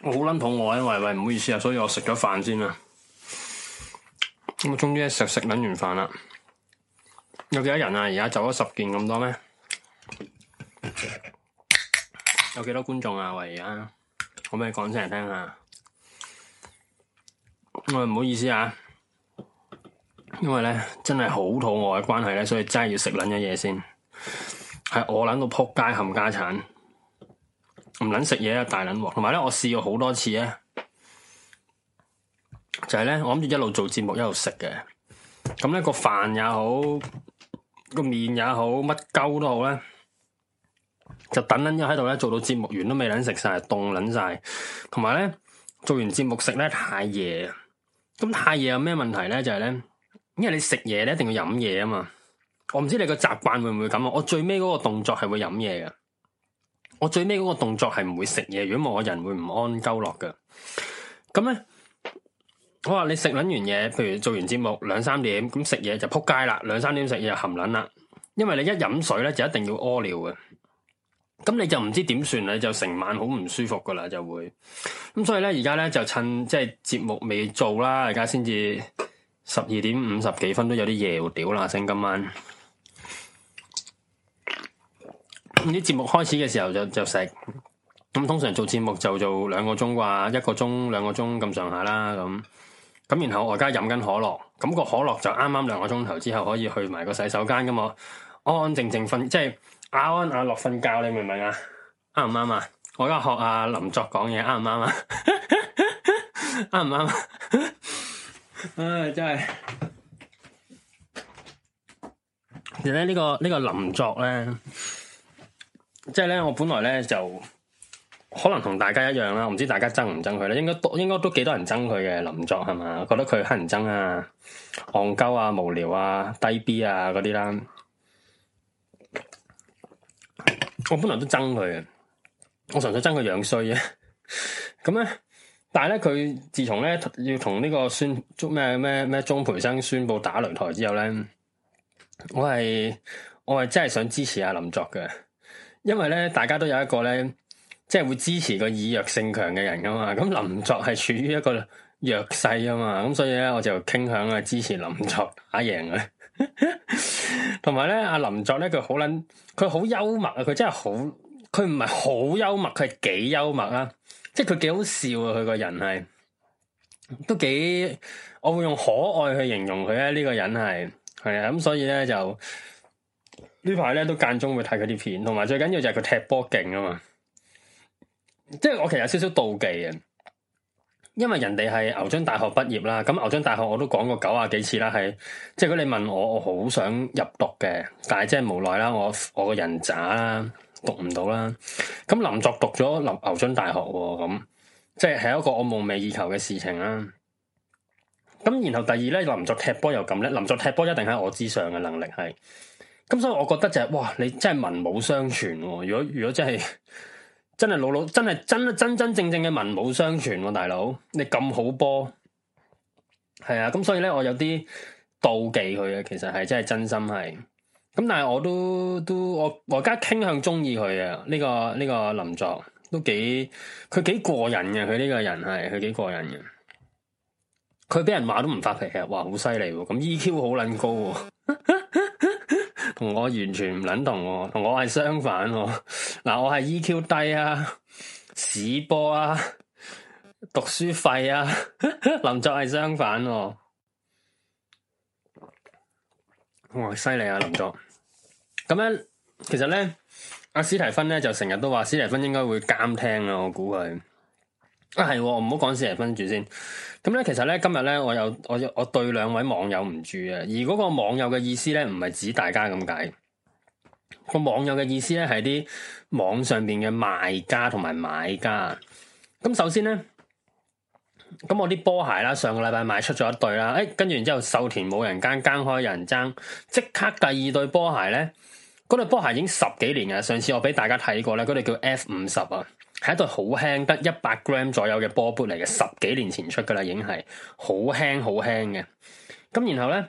我好撚肚餓啊！喂喂，唔好意思啊，所以我食咗飯先啊。咁我終於食食撚完飯啦。有幾多人啊？而家走咗十件咁多咩？有幾多觀眾啊？喂，而家可唔可以講出嚟聽下？喂，唔好意思啊，因為咧真係好肚餓嘅關係咧，所以真係要食撚咗嘢先。係我撚到撲街冚家鏟。唔卵食嘢啊，大卵鑊！同埋咧，我試過好多次咧，就係咧，我諗住一路做節目一路食嘅。咁咧個飯也好，個麵也好，乜鳩都好咧，就等卵喺度咧，做到節目完都未，卵食晒凍卵晒。同埋咧，做完節目食咧太夜，咁太夜有咩問題咧？就係咧，因為你食嘢咧，一定要飲嘢啊嘛。我唔知你個習慣會唔會咁啊？我最尾嗰個動作係會飲嘢嘅。我最尾嗰個動作係唔會食嘢，如果冇我人會唔安鳩落噶。咁咧，我話你食捻完嘢，譬如做完節目兩三點，咁食嘢就撲街啦，兩三點食嘢就含捻啦，因為你一飲水咧就一定要屙尿嘅，咁你就唔知點算，你就成晚好唔舒服噶啦，就會。咁所以咧，而家咧就趁即係節目未做啦，而家先至十二點五十幾分都有啲夜屌啦，先今晚。呢啲節目開始嘅時候就就食，咁通常做節目就做兩個鐘啩，一個鐘兩個鐘咁上下啦，咁咁然後我而家飲緊可樂，咁、那個可樂就啱啱兩個鐘頭之後可以去埋個洗手間噶嘛，安安靜靜瞓，即係阿、啊、安阿樂瞓覺，你明唔明啊？啱唔啱啊？我而家學阿、啊、林作講嘢啱唔啱啊？啱唔啱啊？唉、 啊，真係，其實咧呢個呢、這個林作咧。即係咧，我本來咧就可能同大家一樣啦，唔知大家憎唔憎佢咧，應該都應該都幾多人憎佢嘅林作係嘛？覺得佢黑人憎啊、戇鳩啊、無聊啊、低 B 啊嗰啲啦。我本來都憎佢，我純粹憎佢樣衰啊。咁咧，但係咧，佢自從咧要同呢個宣中咩咩咩鍾培生宣布打擂台之後咧，我係我係真係想支持阿林作嘅。因為咧，大家都有一個咧，即係會支持個以弱勝強嘅人噶嘛。咁林作係處於一個弱勢啊嘛，咁所以咧，我就傾向啊支持林作打贏佢。同埋咧，阿林作咧，佢好捻，佢好幽默啊！佢真係好，佢唔係好幽默，佢係幾幽默啦。即係佢幾好笑啊！佢個人係都幾，我會用可愛去形容佢咧。呢個人係係啊，咁，所以咧就。呢排咧都間中會睇佢啲片，同埋最緊要就係佢踢波勁啊嘛！即係我其實有少少妒忌啊，因為人哋係牛津大學畢業啦。咁牛津大學我都講過九啊幾次啦，係即係如果你問我，我好想入讀嘅，但係即係無奈啦，我我個人渣啦，讀唔到啦。咁林作讀咗林牛津大學喎，咁即係係一個我夢寐以求嘅事情啦。咁然後第二咧，林作踢波又咁咧，林作踢波一定喺我之上嘅能力係。咁所以我覺得就係、是、哇，你真係文武雙全啊。如果如果真係真係老老真係真真真正正嘅文武雙全啊，大佬你咁好波，係啊。咁所以咧，我有啲妒忌佢啊，其實係真係真心係。咁但係我都都我我而家傾向中意佢啊。呢、這個呢、這個林作都幾佢幾過人嘅，佢呢個人係佢幾過人嘅。佢俾人罵都唔發脾氣，哇，好犀利。咁 EQ 好撚高啊。同我完全唔捻，同我，同我係相反喎。嗱， 我係 EQ 低啊，屎波啊，讀書費啊， 林作係相反喎。哇，犀利啊，林作！咁樣呢，其實咧，阿史提芬咧就成日都話，史提芬應該會監聽啊，我估佢。啊，係、哦，唔好講先，嚟分住先。咁咧，其實咧，今日咧，我有我我對兩位網友唔住啊，而嗰個網友嘅意思咧，唔係指大家咁解。個網友嘅意思咧，係啲網上邊嘅賣家同埋買家。咁首先咧，咁我啲波鞋啦，上個禮拜賣出咗一對啦，誒，跟住然之後，秀田冇人耕，耕開人爭，即刻第二對波鞋咧，嗰對波鞋已經十幾年嘅，上次我俾大家睇過咧，嗰對叫 F 五十啊。係一對好輕，得一百 gram 左右嘅波 boot 嚟嘅，十幾年前出噶啦，已經係好輕好輕嘅。咁然後咧，誒、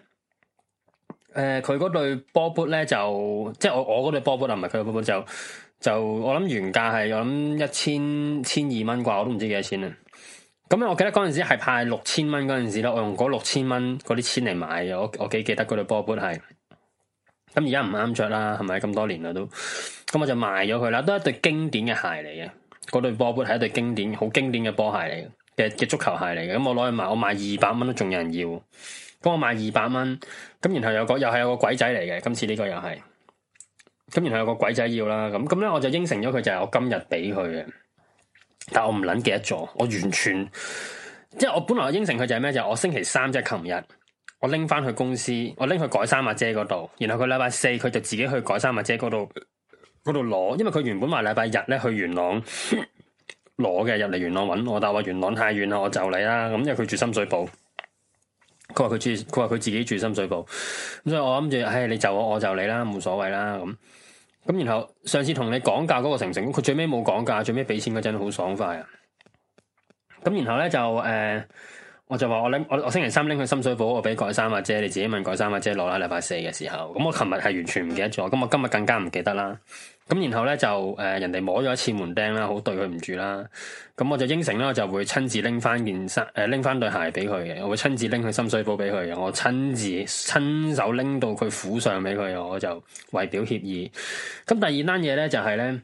呃，佢嗰對波 boot 咧就，即係我我嗰對波 boot 啊，唔係佢嘅波 boot 就就我諗原價係我諗一千千二蚊啩，我都唔知幾多錢啊。咁啊，我記得嗰陣時係派六千蚊嗰陣時啦，我用嗰六千蚊嗰啲錢嚟買嘅，我我幾記得嗰對波 boot 係。咁而家唔啱着啦，係咪咁多年啦都，咁我就賣咗佢啦，都係一對經典嘅鞋嚟嘅。嗰對波缽係一對經典、好經典嘅波鞋嚟嘅，嘅足球鞋嚟嘅。咁我攞去賣，我賣二百蚊都仲有人要。咁我賣二百蚊，咁然後有個又個又係有個鬼仔嚟嘅，今次呢個又係，咁然後有個鬼仔要啦。咁咁咧我就應承咗佢就係我今日俾佢嘅。但我唔捻記得咗，我完全即係我本來我應承佢就係咩就係、是、我星期三即係琴日，我拎翻去公司，我拎去改衫阿姐嗰度，然後佢禮拜四佢就自己去改衫阿姐嗰度。嗰度攞，因為佢原本話禮拜日咧去元朗攞嘅，入 嚟元朗搵我，但係話元朗太遠啦，我就你啦。咁因為佢住深水埗，佢話佢住，佢話佢自己住深水埗，咁所以我諗住，唉、哎，你就我，我就你啦，冇所謂啦。咁咁然後上次同你講價嗰個成唔成？佢最尾冇講價，最尾俾錢嗰陣好爽快啊！咁然後咧就誒。呃我就話我拎我我星期三拎去深水埗，我俾改衫阿姐，你自己問改衫阿姐攞啦。禮拜四嘅時候，咁我琴日係完全唔記得咗，咁我今日更加唔記得啦。咁然後咧就誒、呃，人哋摸咗一次門釘啦，好對佢唔住啦。咁我就應承啦，我就會親自拎翻件衫誒，拎翻對鞋俾佢嘅，我會親自拎去深水埗俾佢嘅。我親自親手拎到佢府上俾佢，我就為表歉意。咁第二單嘢咧就係、是、咧，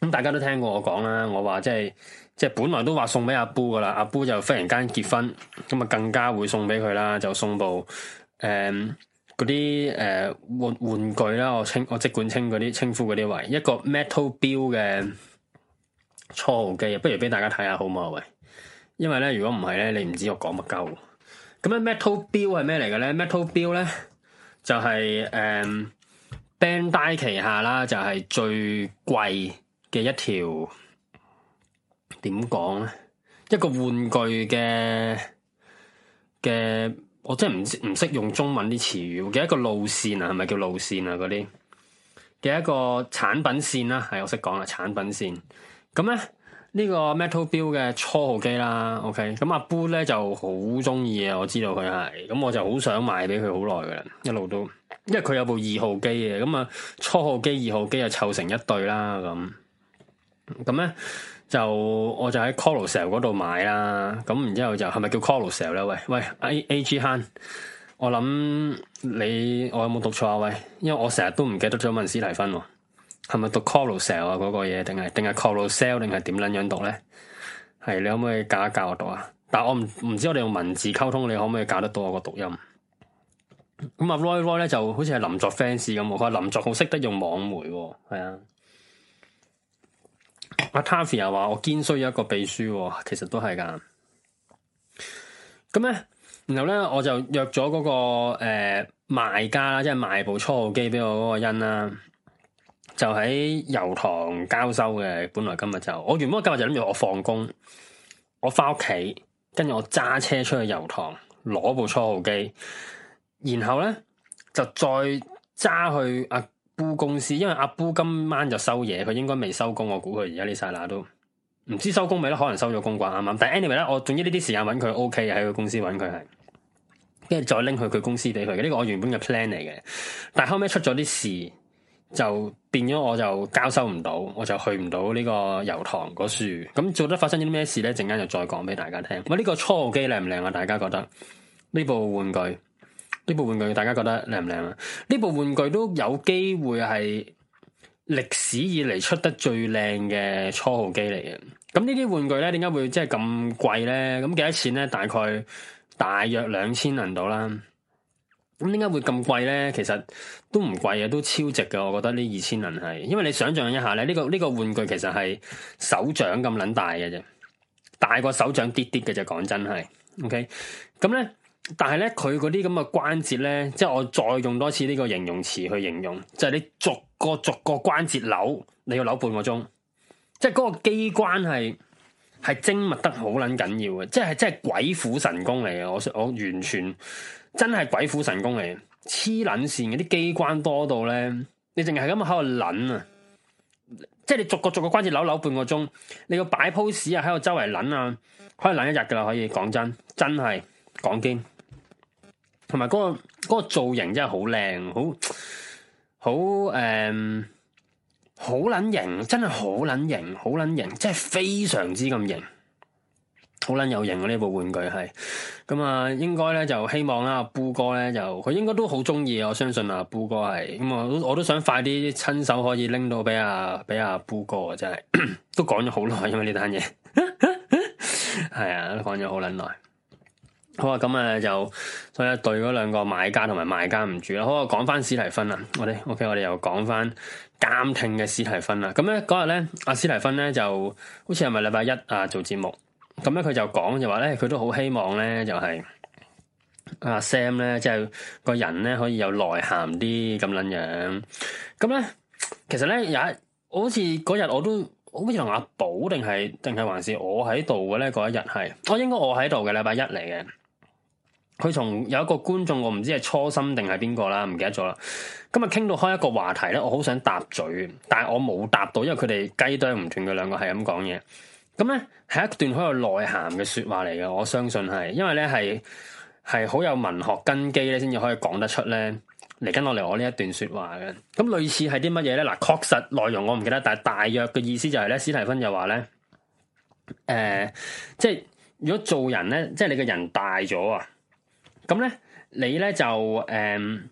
咁大家都聽過我講啦，我話即係。即係本來都話送俾阿 Bo 噶啦，阿 Bo 就忽然間結婚，咁啊更加會送俾佢啦，就送部誒嗰啲誒玩玩具啦，我稱我即管稱嗰啲稱呼嗰啲為一個 metal 表嘅搓號機，不如俾大家睇下好唔好喂，因為咧如果唔係咧，你唔知我講乜鳩。咁樣 metal 表係咩嚟嘅咧？metal 表咧就係、是、誒、嗯、Bandai 旗下啦，就係最貴嘅一條。點講咧？一個玩具嘅嘅，我真係唔唔識用中文啲詞語嘅一個路線啊，係咪叫路線啊？嗰啲嘅一個產品線啦、啊，係我識講啦，產品線。咁咧呢、這個 Metal Build 嘅初號機啦，OK，咁阿 Boo 咧就好中意啊，我知道佢係，咁我就好想賣俾佢好耐噶啦，一路都，因為佢有部二號機嘅，咁啊初號機二號機就湊成一對啦，咁咁咧。就我就喺 Carousell 嗰度買啦，咁然之後就係咪叫 Carousell 咧？喂喂，A A G Han 我諗你我有冇讀錯啊？喂，因為我成日都唔記得咗文斯提芬、啊，係咪讀 Carousell 啊？嗰、嗰個嘢定係定係 Carousell 定係點撚樣讀咧？係你可唔可以教一教我讀啊？但係我唔唔知我哋用文字溝通，你可唔可以教得到我個讀音？咁啊，Roy Roy 咧就好似係林作 fans 咁喎，佢話林作好識得用網媒喎，係啊。阿 Taffy 又話我堅需要一個秘書，其實都係㗎。咁咧，然後咧，我就約咗嗰、那個誒、呃、賣家啦，即係賣部初號機俾我嗰個欣啦，就喺油塘交收嘅。本來今日就，我原本今日就諗住我放工，我翻屋企，跟住我揸車出去油塘攞部初號機，然後咧就再揸去阿。僱公司，因為阿僱今晚就收嘢，佢應該未收工，我估佢而家呢曬那都唔知收工未啦，可能收咗工啩啱啱。但 anyway 咧，我總之呢啲時間揾佢 OK，喺佢公司揾佢係，跟住再拎去佢公司俾佢嘅，呢個我原本嘅 plan 嚟嘅。但後尾出咗啲事，就變咗我就交收唔到，我就去唔到呢個油塘嗰處。咁做得發生啲咩事咧？陣間就再講俾大家聽。咁、這、呢個初號機靚唔靚啊？大家覺得呢部玩具？呢部玩具大家覺得靚唔靚啊？呢部玩具都有機會係歷史以嚟出得最靚嘅初號機嚟嘅。咁呢啲玩具咧，點解會即係咁貴咧？咁幾多錢咧？大概大約兩千銀度啦。咁點解會咁貴咧？其實都唔貴啊，都超值嘅。我覺得呢二千銀係，因為你想象一下咧，呢、這個呢、這個玩具其實係手掌咁撚大嘅啫，大過手掌啲啲嘅就講真係，OK，咁咧。但係咧，佢嗰啲咁嘅關節咧，即係我再用多次呢個形容詞去形容，就係、是、你逐個逐個關節扭，你要扭半個鐘，即係嗰個機關係係精密得好捻緊要嘅，即係真係鬼斧神工嚟嘅。我我完全真係鬼斧神工嚟嘅，黐捻線嘅啲機關多到咧，你淨係咁喺度捻啊，即係你逐個逐個關節扭扭半個鐘，你要擺 pose 啊，喺度周圍捻啊，可以捻一日噶啦，可以講真，真係講經。同埋嗰個、嗰個造型真係好靚，好好誒，好撚、um, 型，真係好撚型，好撚型，真係非常之咁型，好撚有型嘅呢部玩具係咁啊！應該咧就希望啦，布哥咧就佢應該都好中意，我相信啊，布哥係咁啊，我都想快啲親手可以拎到俾阿俾阿布哥啊，啊哥真係 都講咗好耐，因為呢單嘢係啊，都講咗好撚耐。好啊，咁啊，就所以對嗰兩個買家同埋賣家唔住啦。好啊，講翻史提芬啦，我哋 OK，我哋又講翻監聽嘅史提芬啦。咁咧嗰日咧，阿史提芬咧就好似係咪禮拜一啊做節目？咁咧佢就講就話咧，佢都好希望咧就係阿 Sam 咧，即係個人咧可以有內涵啲咁捻樣。咁咧其實咧有一，我好似嗰日我都我好似同阿寶定係定係還是我喺度嘅咧？嗰一日係我應該我喺度嘅禮拜一嚟嘅。佢從有一個觀眾我唔知係初心定係邊個啦，唔記得咗啦。今日傾到開一個話題咧，我好想答嘴，但係我冇答到，因為佢哋雞啄唔斷，佢兩個係咁講嘢。咁咧係一段好有內涵嘅說話嚟嘅，我相信係，因為咧係係好有文學根基咧，先至可以講得出咧嚟跟落嚟我呢一段說話嘅。咁類似係啲乜嘢咧？嗱，確實內容我唔記得，但係大約嘅意思就係、是、咧，史提芬就話咧，誒、呃，即係如果做人咧，即係你個人大咗啊。咁咧，你咧就誒、嗯，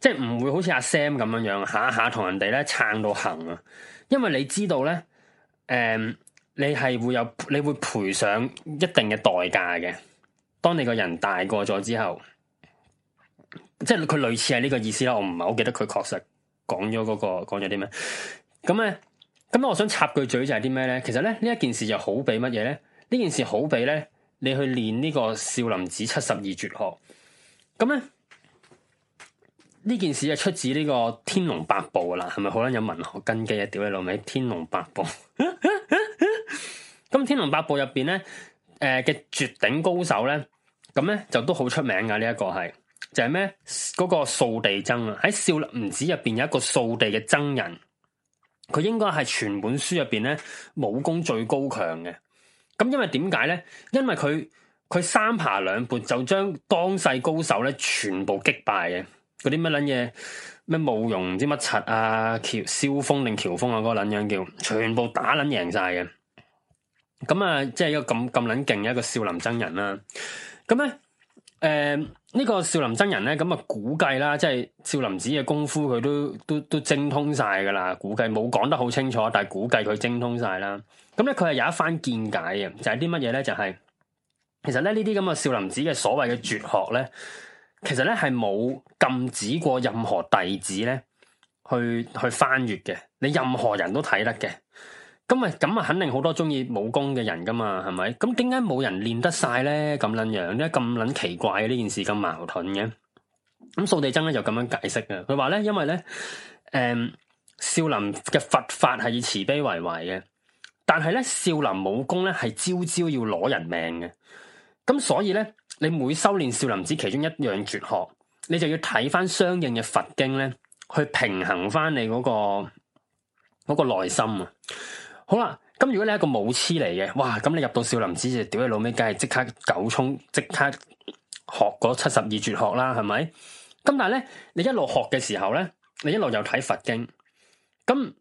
即係唔會好似阿 Sam 咁樣樣，下下同人哋咧撐到行啊！因為你知道咧，誒、嗯，你係會有你會賠上一定嘅代價嘅。當你個人大個咗之後，即係佢類似係呢個意思啦。我唔係好記得佢確實講咗嗰個講咗啲咩。咁咧，咁、嗯、我想插句嘴就係啲咩咧？其實咧呢一件事就好比乜嘢咧？呢件事好比咧，你去練呢個少林寺七十二絕學。咁咧呢件事就出自呢個《天龍八部》啦，係咪好啦？有文學根基啊！屌你老味，《天龍八部》。咁《天龍八部》入邊咧，誒嘅絕頂高手咧，咁咧就都好出名噶。呢一個係就係咩？嗰個掃地僧啊！喺少林寺入邊有一個掃地嘅僧人，佢應該係全本書入邊咧武功最高強嘅。咁因為點解咧？因為佢。佢三爬兩撥就將當世高手咧全部擊敗嘅，嗰啲乜捻嘢咩慕容唔知乜柒啊，喬蕭峰定喬峰啊嗰、那個捻樣叫，全部打捻贏晒嘅。咁啊，即係一個咁咁捻勁嘅一個少林僧人啦。咁咧，誒、呃、呢、這個少林僧人咧，咁啊估計啦，即係少林寺嘅功夫佢都都都精通晒噶啦。估計冇講得好清楚，但係估計佢精通晒啦。咁咧佢係有一番見解嘅，就係啲乜嘢咧，就係、是。就是其實咧呢啲咁嘅少林寺嘅所謂嘅絕學咧，其實咧係冇禁止過任何弟子咧去去翻閱嘅。你任何人都睇得嘅。咁啊咁啊，肯定好多中意武功嘅人噶嘛，係咪？咁點解冇人練得晒咧？咁捻樣咧咁捻奇怪嘅呢件事咁矛盾嘅？咁掃地僧咧就咁樣解釋嘅。佢話咧因為咧，誒、嗯、少林嘅佛法係以慈悲為懷嘅，但係咧少林武功咧係招招要攞人命嘅。咁所以咧，你每修煉少林寺其中一樣絕學，你就要睇翻，相應嘅佛經咧，去平衡翻你嗰個嗰個內心啊。好啦，咁如果你係一個武痴嚟嘅，哇！咁你入到少林寺就屌你老味，梗係即刻九沖，即刻學嗰七十二絕學啦，係咪？咁但係咧，你一路學嘅時候咧，你一路又睇佛經，咁。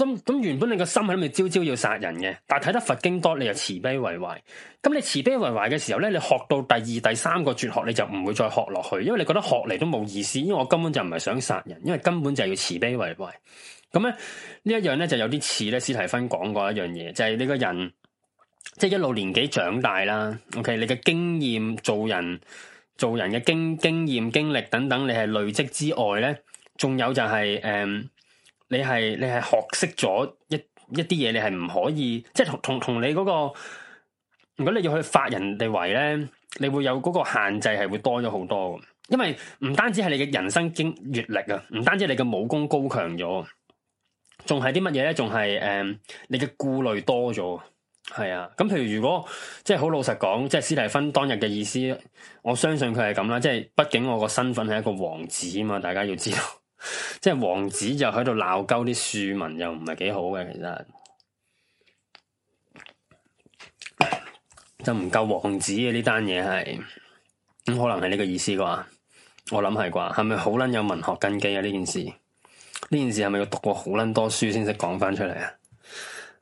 咁咁原本你個心喺咪朝朝要殺人嘅，但係睇得佛經多，你又慈悲為懷。咁你慈悲為懷嘅時候咧，你學到第二、第三個絕學，你就唔會再學落去，因為你覺得學嚟都冇意思。因為我根本就唔係想殺人，因為根本就係要慈悲為懷。咁咧呢一樣咧就有啲似咧史提芬講過一樣嘢，就係、是、你個人即係、就是、一路年紀長大啦。OK，你嘅經驗、做人、做人嘅經經驗、經歷等等，你係累積之外咧，仲有就係、是、誒。嗯你係你係學識咗一一啲嘢，你係唔可以，即係同同同你嗰個，如果你要去發人哋圍咧，你會有嗰個限制係會多咗好多嘅。因為唔單止係你嘅人生經閱歷啊，唔單止你嘅武功高強咗，仲係啲乜嘢咧？仲係誒，你嘅顧慮多咗。係啊，咁譬如如果即係好老實講，即係斯蒂芬當日嘅意思，我相信佢係咁啦。即係畢竟我個身份係一個王子啊嘛，大家要知道。即係王子就喺度鬧鳩啲庶民，又唔係幾好嘅，其實就唔夠王子嘅。呢單嘢係咁，可能係呢個意思啩？我諗係啩？係咪好捻有文學根基啊？呢件事呢件事係咪要讀過好捻多書先識講翻出嚟啊？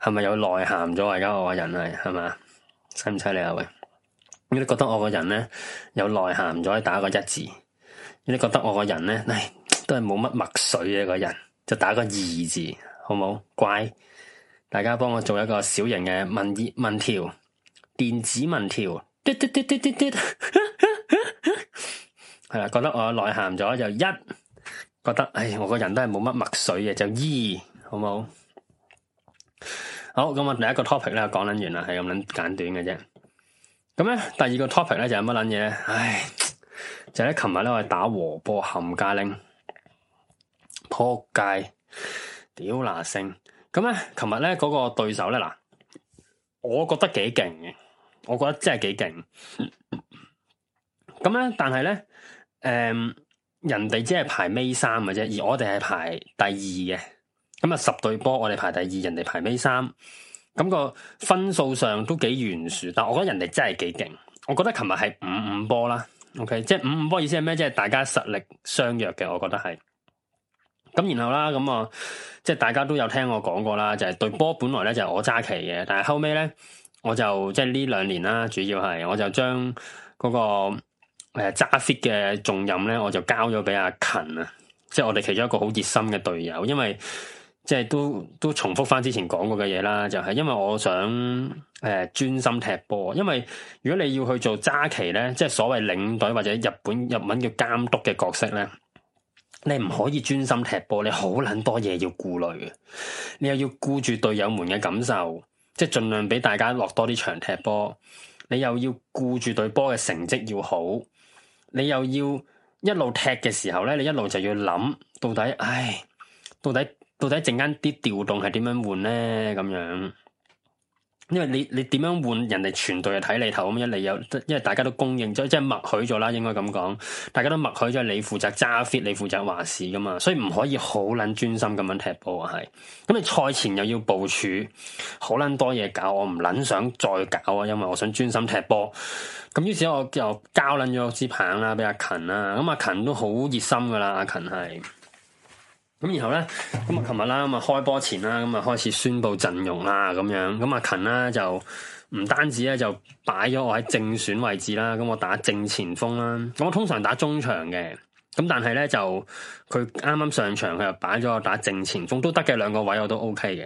係咪有內涵咗？而家我個人係係咪？犀唔犀利啊？喂，如果你覺得我個人咧有內涵咗，打個一字；如果你覺得我個人咧，哎都係冇乜墨水嘅個人，就打個二字，好冇？乖，大家幫我做一個小型嘅文葉問條電子文條，係啦， 覺得我內涵咗就一，覺得唉，我個人都係冇乜墨水嘅，就二，好冇？好，咁啊，第一個 topic 咧講捻完啦，係咁捻簡短嘅啫。咁咧第二個 topic 咧就係乜捻嘢？唉，就喺琴日咧我係打和波冚家拎。撲街，屌那星咁咧，琴日咧嗰個對手咧嗱，我覺得幾勁嘅，我覺得真係幾勁。咁 咧、嗯，但係咧，誒、嗯，人哋只係排尾三嘅啫，而我哋係排第二嘅。咁、嗯、啊，十對波，我哋排第二，人哋排尾三，咁、嗯，那個分數上都幾懸殊。但我覺得人哋真係幾勁，我覺得琴日係五五波啦。OK，即係五五波意思係咩？即係大家實力相若嘅，我覺得係。咁然後啦，咁啊，即係大家都有聽我講過啦，就係對波，本來咧就係我揸旗嘅，但係後尾咧，我就即係呢兩年啦，主要係我就將嗰個誒揸 fit 嘅重任咧，我就交咗俾阿勤啊，即係我哋其中一個好熱心嘅隊友，因為即係都都重複翻之前講過嘅嘢啦，就係、是、因為我想誒專心踢波，因為如果你要去做揸旗咧，即係所謂領隊或者日本日文叫監督嘅角色咧。你唔可以專心踢波，你好撚多嘢要顧慮嘅，你又要顧住隊友們嘅感受，即係盡量俾大家落多啲場踢波，你又要顧住隊波嘅成績要好，你又要一路踢嘅時候咧，你一路就要諗到底，唉，到底到底陣間啲調動係點樣換咧咁樣。因為你你點樣換人哋全隊係睇你頭咁，一嚟有，因為大家都公認咗，即係默許咗啦，應該咁講，大家都默許咗你負責揸 fit，你負責話事噶嘛，所以唔可以好撚專心咁樣踢波啊，係，咁你賽前又要部署，好撚多嘢搞，我唔撚想再搞啊，因為我想專心踢波，咁於是我就交撚咗支棒啦俾阿勤啦，咁阿勤都好熱心噶啦，阿勤係。咁然後咧，咁啊，琴日啦，咁啊，開波前啦，咁啊，開始宣布陣容啦，咁樣，咁阿勤啦，就唔單止咧，就擺咗我喺正選位置啦，咁我打正前鋒啦，我通常打中場嘅，咁但係咧就佢啱啱上場，佢又擺咗我打正前鋒，都得嘅兩個位我都 OK 嘅，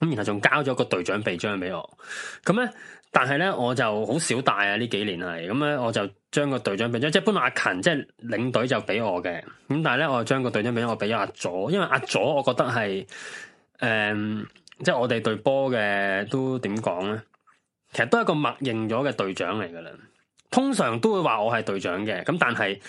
咁然後仲交咗個隊長臂章俾我，咁咧，但係咧我就好少帶啊呢幾年嚟，咁咧我就。將個隊長俾咗，即係本來阿勤即係領隊就俾我嘅，咁但係咧，我將個隊長俾咗我俾阿佐，因為阿佐我覺得係，誒、嗯，即係我哋隊波嘅都點講咧，其實都係一個默認咗嘅隊長嚟噶啦，通常都會話我係隊長嘅，咁但係，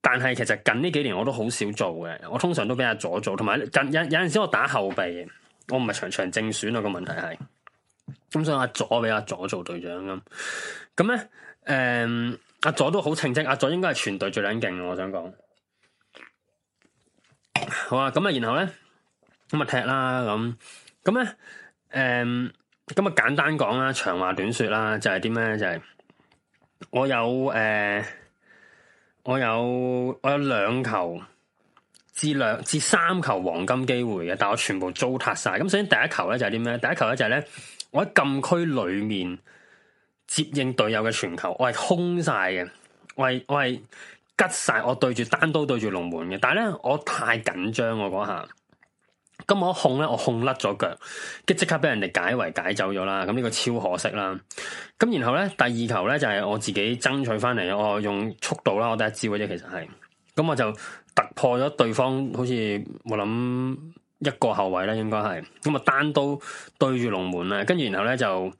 但係其實近呢幾年我都好少做嘅，我通常都俾阿佐做，同埋近有有陣時我打後備，我唔係場場正選，啊，這個問題係，咁、嗯、所以阿佐俾阿佐做隊長咁，咁、嗯、咧，誒、嗯。阿佐都好稱職，阿佐應該係全隊最捻勁，我想講。好啊，咁啊，然後咧咁啊踢啦，咁咁咧，誒、嗯，咁啊簡單講啦，長話短說啦，就係啲咩？就係、是、我有誒、呃，我有我有兩球至兩至三球黃金機會嘅，但係我全部糟蹋晒。咁首先第一球咧就係啲咩？第一球咧就係咧，我喺禁區裏面。接應隊友嘅傳球，我係空晒嘅，我係我係吉晒，我，我對住單刀對住龍門嘅，但係咧我太緊張我嗰下，咁我控咧我控甩咗腳，跟即刻俾人哋解圍解走咗啦，咁、這、呢個超可惜啦。咁然後咧第二球咧就係、是、我自己爭取翻嚟，我用速度啦，我第一招啫，其實係，咁我就突破咗對方，好似我諗一個後衛啦，應該係，咁啊單刀對住龍門啦，跟住然後咧就。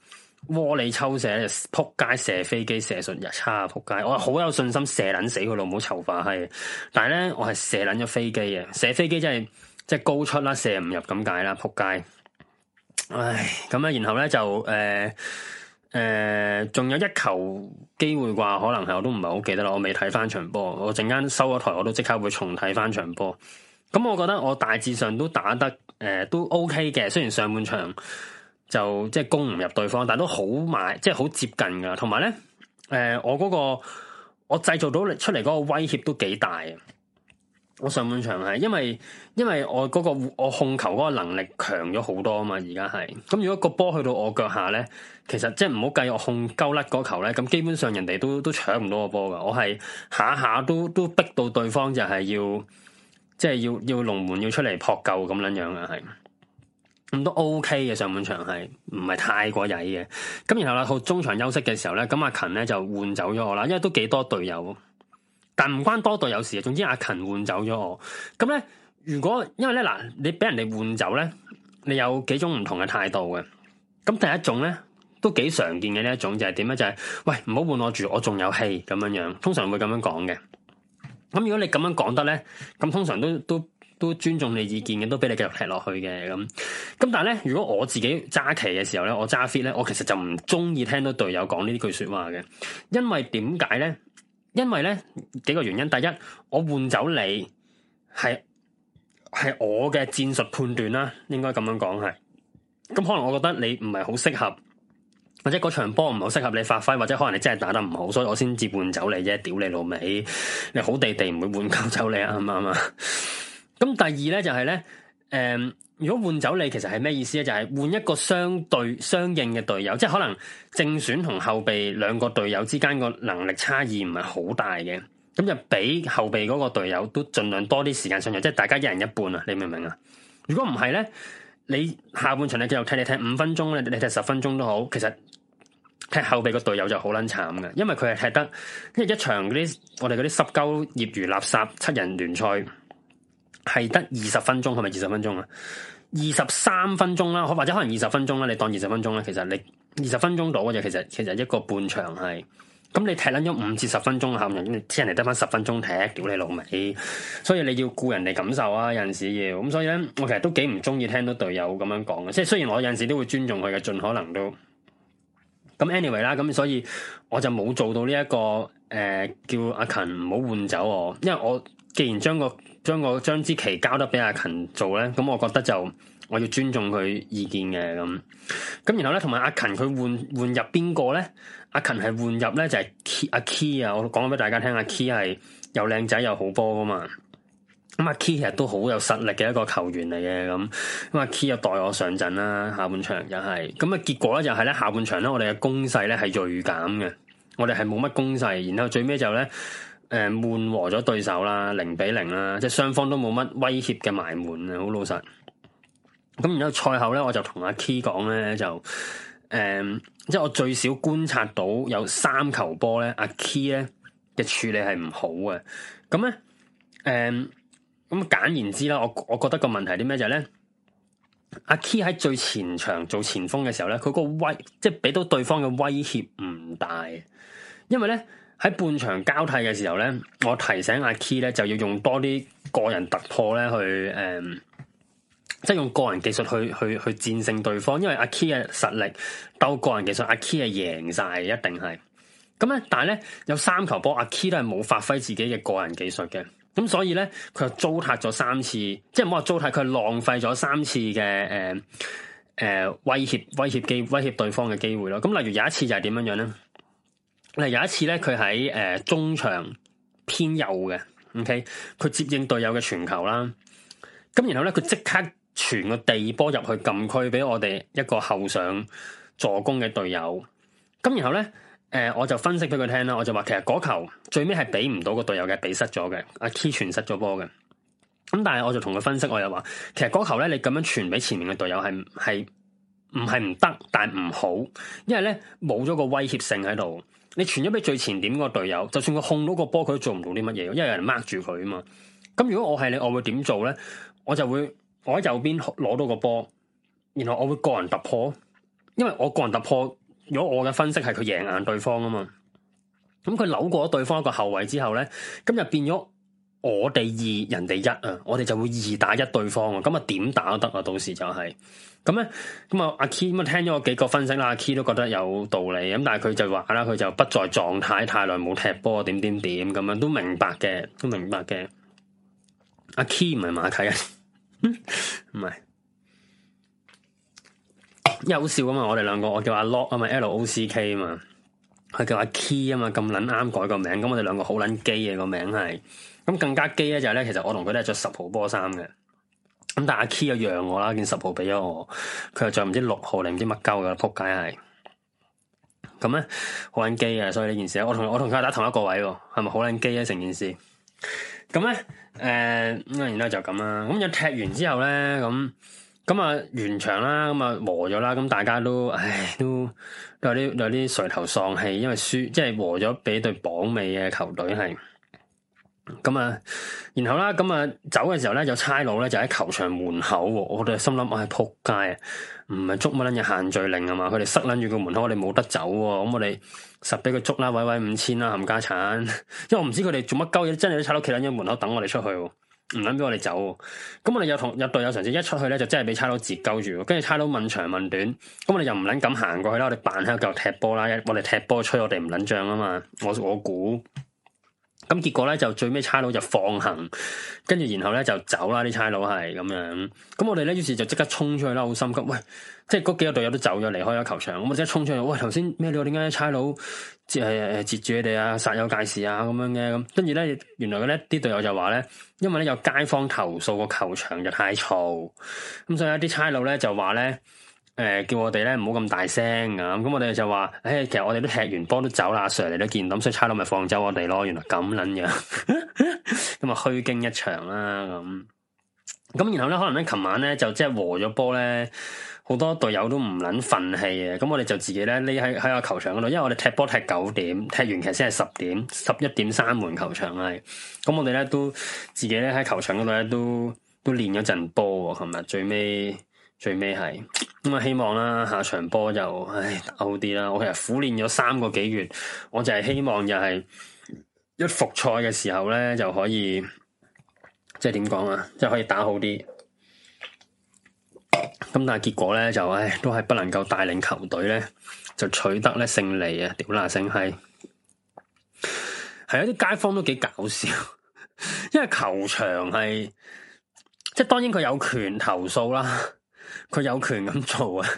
窩里、哦、抽射咧，撲街射飛機射術日差啊！撲街，我係好有信心射撚死佢咯，唔好愁化閪。但係咧，我係射撚咗飛機嘅，射飛機真係即係高出啦，射唔入咁解啦，撲街。唉，咁咧，然後咧就誒誒，仲、呃呃、有一球機會啩？可能係我都唔係好記得咯，我未睇翻場波。我陣間收咗台，我都即刻會重睇翻場波。咁、嗯、我覺得我大致上都打得誒、呃、都 OK 嘅，雖然上半場。就即係攻唔入對方，但係都好埋，即係好接近噶。同埋咧，誒、呃，我嗰、嗰個我製造到出嚟嗰個威脅都幾大。我上半場係因為因為我、嗰個我控球嗰個能力強咗好多啊嘛，而家係。咁如果個波去到我腳下咧，其實即係唔好計我控鳩甩嗰球咧，咁基本上人哋都都搶唔到個波噶。我係下下都都逼到對方就係要，即係要要龍門要出嚟撲救咁樣樣啊，係。咁都 OK 嘅，上半場係唔係太過曳嘅。咁然後啦，到中場休息嘅時候咧，咁阿勤咧就換走咗我啦，因為都幾多隊友，但唔關多隊友事，總之阿勤換走咗我，咁咧如果因為咧嗱，你俾人哋換走咧，你有幾種唔同嘅態度嘅，咁第一種咧都幾常見嘅，呢一種就係點咧就係，喂，唔好換我住，我仲有氣咁樣樣，通常會咁樣講嘅，咁如果你咁樣講得咧，咁通常都都。都尊重你意見嘅，都俾你繼續踢落去嘅咁。咁但係咧，如果我自己揸旗嘅時候咧，我揸 fit 咧，我其實就唔中意聽到隊友講呢啲句說話嘅，因為點解咧？因為咧幾個原因，第一，我換走你係係我嘅戰術判斷啦，應該咁樣講係。咁可能我覺得你唔係好適合，或者嗰場波唔係好適合你發揮，或者可能你真係打得唔好，所以我先至換走你啫。屌你老味，你好地地唔會換鳩走你啊？啱唔啱啊？ 咁第二咧就係、是、咧，誒、呃，如果換走你，其實係咩意思咧？就係、是、換一個相對相應嘅隊友，即係可能正選同後備兩個隊友之間個能力差異唔係好大嘅，咁就俾後備嗰個隊友都盡量多啲時間上場，即係大家一人一半啊！你明唔明啊？如果唔係咧，你下半場你繼續踢，你踢五分鐘咧，你踢十分鐘都好，其實踢後備個隊友就好撚慘嘅，因爲佢係踢得，因爲一場嗰啲我哋嗰啲濕鳩業餘垃圾七人聯賽。係得二十分鐘，係咪二十分鐘啊？二十三分鐘啦，或或者可能二十分鐘啦，你當二十分鐘啦。其實你二十分鐘到嘅嘢，其實其實一個半場係。咁你踢捻咗五至十分鐘啦，人哋人哋得翻十分鐘踢，屌你老味。所以你要顧人哋感受啊，有陣時要。咁所以咧，我其實都幾唔中意聽到隊友咁樣講嘅。即係雖然我有陣時都會尊重佢嘅，盡可能都。咁 anyway 啦，咁所以我就冇做到呢、這、一個誒、呃，叫阿勤唔好換走我，因為我。既然將個將個張之琪交得俾阿勤做咧，咁我覺得就我要尊重佢意見嘅咁。咁然後咧，同埋阿勤佢換換入邊個咧？阿勤係換入咧就係 Key 阿 Key 啊！我講咗俾大家聽，阿 Key 係又靚仔又好波噶嘛。咁阿 Key 其實都好有實力嘅一個球員嚟嘅咁。咁阿 Key 又代我上陣啦，下半場又係咁啊。結果咧就係咧，下半場咧我哋嘅攻勢咧係鋭減嘅，我哋係冇乜攻勢，然後最尾就咧。誒，緩和咗對手啦，零比零啦，即係雙方都冇乜威脅嘅埋門啊，好老實。咁然之後賽後咧，我就同阿 Key 講咧，就誒、即、嗯、係、就是、我最少觀察到有三球波咧，阿 Key 咧嘅處理係唔好嘅。咁咧，誒、嗯，咁簡言之啦，我我覺得個問題啲咩就係、是、咧，阿 Key 喺最前場做前鋒嘅時候咧，佢個威即係俾到對方嘅威脅唔大，因為咧。喺半場交替嘅時候咧，我提醒阿 Key 咧就要用多啲個人突破咧去誒，即係用個人技術去去去戰勝對方，因為阿 Key 嘅實力鬥個人技術，阿 Key 係贏晒一定係。咁咧，但係咧有三球波阿 Key 都係冇發揮自己嘅個人技術嘅，咁所以咧佢就糟蹋咗三次，即係唔好話糟蹋，佢係浪費咗三次嘅誒誒威脅威脅機威脅對方嘅機會咯。咁例如有一次就係點樣樣咧？嗱，有一次咧，佢喺誒中場偏右嘅，OK，佢接應隊友嘅傳球啦。咁然後咧，佢即刻傳個地波入去禁區，俾我哋一個後上助攻嘅隊友。咁然後咧，誒，我就分析俾佢聽啦，我就話其實嗰球最尾係俾唔到個隊友嘅，俾失咗嘅。阿 Key 傳失咗波嘅。咁但係我就同佢分析，我又話其實嗰球咧，你咁樣傳俾前面嘅隊友係係唔係唔得，但係唔好，因為咧冇咗個威脅性喺度。你傳咗俾最前點個隊友，就算佢控到個波，佢都做唔到啲乜嘢，因為有人 mark 住佢啊嘛。咁如果我係你，我會點做咧？我就會我喺右邊攞到個波，然後我會個人突破，因為我個人突破，如果我嘅分析係佢贏硬對方啊嘛。咁佢扭過對方一個後衛之後咧，咁就變咗。我哋二，人哋一啊，我哋就會二打一對方啊，咁啊點打都得啊？到時就係咁咧，咁啊阿 K 咁啊聽咗我幾個分析啦，阿 K 都覺得有道理，咁但係佢就話啦，佢就不在狀態，太耐冇踢波，點點點咁樣都明白嘅，都明白嘅。阿 K 唔係馬啟啊，唔係，因好笑啊嘛，我哋兩個，我叫阿 Lock 啊嘛，L O C K 嘛。佢叫阿 Key 啊嘛，咁撚啱改個名，咁我哋兩個好撚基嘅個名係，咁更加基咧就咧、係，其實我同佢咧着十號波衫嘅，咁但阿 Key 又讓我啦，件十號俾咗我，佢又着唔知六號定唔知乜鳩嘅，仆街係，咁咧好撚基啊，所以呢件事，我同我同佢打同一個位喎，係咪好撚基咧成件事？咁咧誒，咁、呃、啊，然後就咁啦，咁就踢完之後咧咁。咁啊，完場啦，咁啊和咗啦，咁大家都唉，都有啲有啲垂頭喪氣，因為輸即係和咗，俾對榜尾嘅球隊係。咁啊、嗯，然後啦，咁、嗯、啊走嘅時候咧，有就差佬咧就喺球場門口，我哋心諗啊，扑、哎、街啊，唔係捉乜捻嘢限聚令啊嘛，佢哋塞捻住個門口，我哋冇得走，咁我哋實俾佢捉啦，位位五千啦，冚家鏟，因為我唔知佢哋做乜鳩嘢，真係都踩到企捻住門口等我哋出去。唔捻俾我哋走，咁我哋有同有隊友嘗試，一出去咧就真係俾差佬截鳩住，跟住差佬問長問短，咁我哋又唔捻咁行過去啦，我哋扮喺度繼續踢波啦，我哋踢波吹，我哋唔捻仗啊嘛，我我估。咁結果咧就最尾差佬就放行，跟住然後咧就走啦，啲差佬係咁樣。咁我哋咧於是就即刻衝出去啦，好心急。喂，即係嗰幾個隊友都走咗，離開咗球場。我即刻衝出去，喂，頭先咩料？點解差佬即係截住佢哋啊？煞有介事啊？咁樣嘅咁，跟住咧，原來咧啲隊友就話咧，因為咧有街坊投訴個球場就太嘈，咁所以有啲差佬咧就話咧。誒、呃，叫我哋咧唔好咁大聲啊！咁我哋就話，誒、欸，其實我哋都踢完波都走啦、啊，Sir 嚟都見到，所以差佬咪放走我哋咯。原來咁捻樣，咁啊虛驚一場啦！咁咁然後咧，可能咧，琴晚咧就即係和咗波咧，好多隊友都唔捻忿氣嘅。咁我哋就自己咧匿喺喺個球場嗰度，因為我哋踢波踢九點，踢完其實先係十點，十一點三門球場係。咁我哋咧都自己咧喺球場嗰度咧都都練咗陣波，哦、琴日最尾？最尾係咁啊！希望啦，下場波就唉打好啲啦。我其實苦練咗三個幾月，我就係希望就係一復賽嘅時候咧，就可以即係點講啊？即係可以打好啲。咁但係結果咧，就唉都係不能夠帶領球隊咧，就取得咧勝利啊！屌啦， 真係係有啲街坊都幾搞笑，因為球場係即係當然佢有權投訴啦。佢有權咁做啊！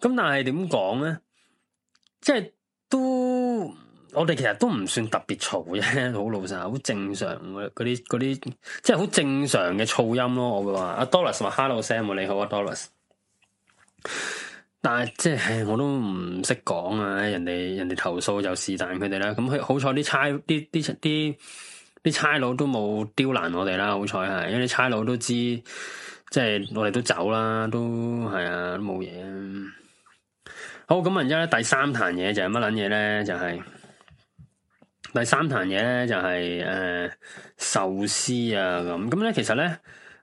咁但係點講咧？即係都我哋其實都唔算特別嘈嘅，好老實，好正常嗰啲啲，即係好正常嘅噪音咯。我會話阿 Dollars 話 Hello Sam，你好啊 Dollars。但係即係我都唔識講啊！人哋人哋投訴就是但佢哋啦。咁佢好彩啲差啲啲啲差佬都冇刁難我哋啦。好彩係，因為啲差佬都知。即係我哋都走啦，都係啊，都冇嘢。好，咁，而家，第三壇嘢就係乜捻嘢咧？就係第三壇嘢咧，就係誒壽司啊咁。咁咧，其實咧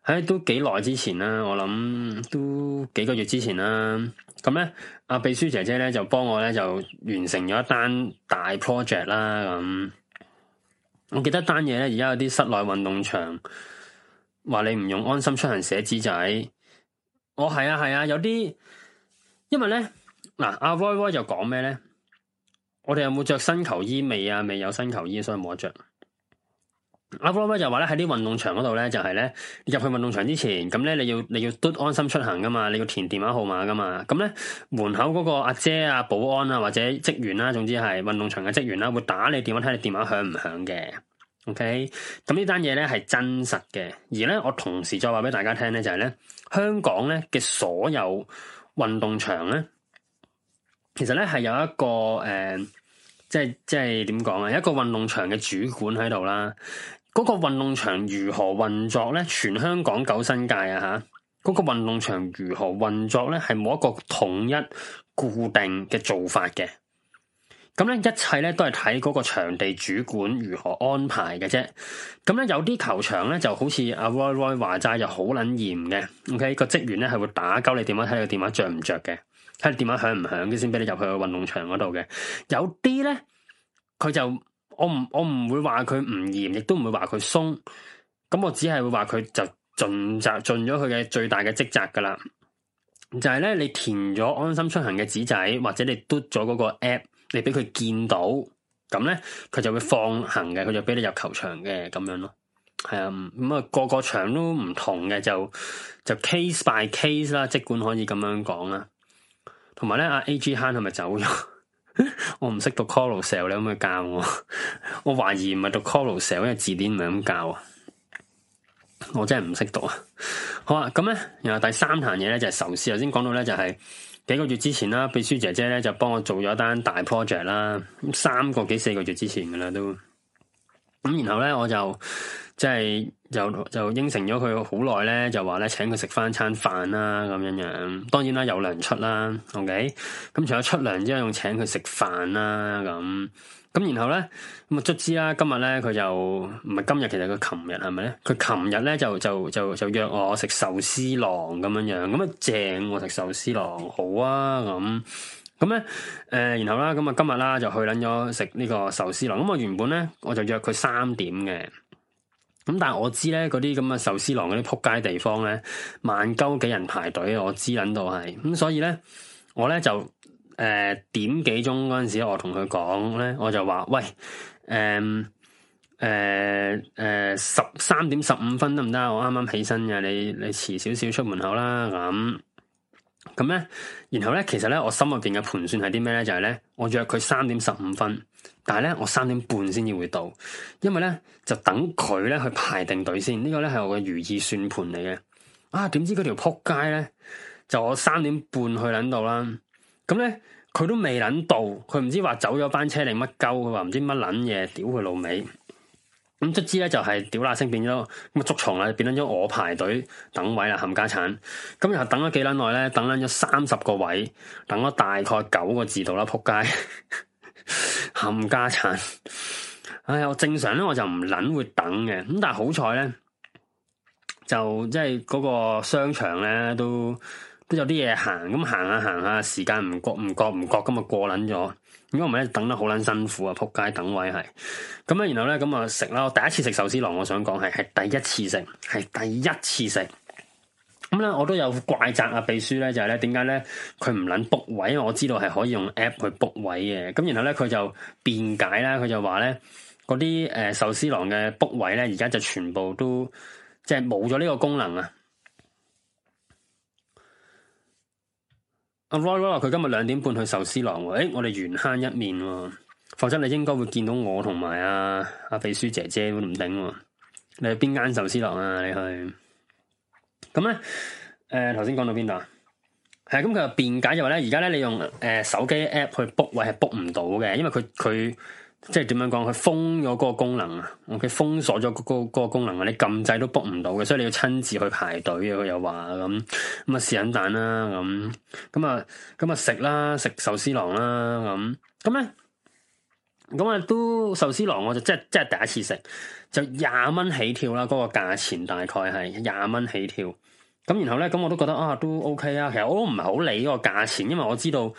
喺都幾耐之前啦，我諗都幾個月之前啦。咁咧，阿秘書姐姐咧就幫我咧就完成咗一單大 project 啦咁。我記得單嘢咧，而家有啲室內運動場。話你唔用安心出行寫紙仔，我、哦、係啊係啊，有啲，因為咧嗱，阿 v o 就講咩咧？我哋有冇着新球衣未啊？未有新球衣，所以冇得着。阿 v o 就話咧喺啲運動場嗰度咧，就係咧入去運動場之前，咁咧你要你要嘟安心出行噶嘛，你要填電話號碼噶嘛，咁咧門口嗰個阿姐啊、保安啊或者職員啦，總之係運動場嘅職員啦，會打你電話睇你電話響唔響嘅。OK，咁呢單嘢咧係真實嘅，而咧我同時再話俾大家聽咧就係咧，香港咧嘅所有運動場咧，其實咧係有一個誒，即係即係點講啊？一個運動場嘅主管喺度啦，嗰個運動場如何運作咧？全香港九新界啊嚇，嗰個運動場如何運作咧？係冇一個統一固定嘅做法嘅。咁咧，一切咧都係睇嗰個場地主管如何安排嘅啫。咁咧，有啲球場咧就好似阿 Roy Roy 話齋，又好捻嚴嘅。O K，個職員咧係會打鳩你電話，睇你電話着唔着嘅，睇你電話響唔響，先俾你入去個運動場嗰度嘅。有啲咧，佢就我唔我唔會話佢唔嚴，亦都唔會話佢鬆。咁我只係會話佢就盡責盡咗佢嘅最大嘅職責噶啦。就係咧，你填咗安心出行嘅紙仔，或者你嘟咗嗰個 app。你俾佢見到，咁咧佢就會放行嘅，佢就俾你入球場嘅咁樣咯。係、嗯、啊，咁啊個個場都唔同嘅，就就 case by case 啦，即管可以咁樣講啦。同埋咧，阿 A G Han 係咪走咗？ 我唔識讀 c a l l o u 你可唔可以教我？ 我懷疑唔係讀 c a l l o u 因為字典唔係咁教啊。我真係唔識讀啊。好啊，咁咧，然後第三層嘢咧就係壽司。頭先講到咧就係、是。幾個月之前啦，秘書姐姐咧就幫我做咗單大 project 啦，咁三個幾四個月之前噶啦都，咁然後咧我就即係就就應承咗佢好耐咧，就話咧請佢食翻餐飯啦咁樣樣，當然啦有糧出啦，OK，咁除咗出糧之後，仲請佢食飯啦咁。咁然後咧，咁啊卒之啦！今日咧佢就唔係今日，其實佢琴日係咪咧？佢琴日咧就就就就約我食壽司郎咁樣樣，咁啊正！我食壽司郎好啊咁。咁咧誒，然後啦，咁啊今日啦就去撚咗食呢個壽司郎。咁我原本咧我就約佢三點嘅。咁但係我知咧嗰啲咁嘅壽司郎嗰啲撲街地方咧，萬鳩幾人排隊，我知撚到係。咁所以咧，我咧就。誒、呃，點幾鐘嗰陣時，我同佢講咧，我就話：喂，誒、呃，誒、呃，誒、呃，十三點十五分得唔得？我啱啱起身嘅，你你遲少少出門口啦咁。咁咧，然後咧，其實咧，我心入邊嘅盤算係啲咩咧？就係咧，我約佢三點十五分，但係咧，我三點半先至會到，因為咧，就等佢咧去排定隊先。呢個咧係我嘅如意算盤嚟嘅。啊，點知嗰條撲街咧，就我三點半去撚到啦。咁咧，佢都未諗到，佢唔知話走咗班車定乜鳩，佢話唔知乜撚嘢，屌佢老味。咁卒之咧就係屌乸聲，變咗咁捉蟲啦，變咗我排隊等位啦，冚家鏟。咁又等咗幾捻耐咧，等捻咗三十個位，等咗大概九個字度啦，撲街冚家鏟。哎呀，我正常咧我就唔捻會等嘅，咁但係好彩咧，就即係嗰個商場咧都。都有啲嘢行，咁行下行下，時間唔覺唔覺唔覺咁啊過捻咗，如果唔係咧等得好捻辛苦啊！仆街等位係，咁咧然後咧咁啊食啦，我第一次食壽司郎，我想講係係第一次食，係第一次食。咁咧我都有怪責啊秘書咧，就係咧點解咧佢唔捻 book 位，因為我知道係可以用 app 去 book 位嘅。咁然後咧佢就辯解啦，佢就話咧嗰啲誒壽司郎嘅 book 位咧而家就全部都即係冇咗呢個功能啊！阿、啊、Roy，Roy 佢今日兩點半去壽司郎喎，誒，我哋緣慳一面喎，哦，否則你應該會見到我同埋阿阿秘書姐姐會唔頂喎？你去邊間壽司郎啊？你去？咁咧，誒，呃，頭先講到邊度啊？係咁佢又辯解就話咧，而家咧你用誒手機 app 去 book 位係 book 唔到嘅，因為佢佢。即係點樣講？佢封咗嗰個功能啊 ok 封鎖咗嗰個個功能啊，你禁制都 book 唔到嘅，所以你要親自去排隊啊。佢又話咁咁啊，試卵蛋啦咁咁啊，咁啊食啦，食壽司郎啦咁咁咧，咁啊都壽司郎我就即係即係第一次食，就廿蚊起跳啦，嗰個價錢大概係廿蚊起跳。咁然後咧，咁我都覺得啊，都 ok 啊。其實我都唔係好理嗰個價錢，因為我知道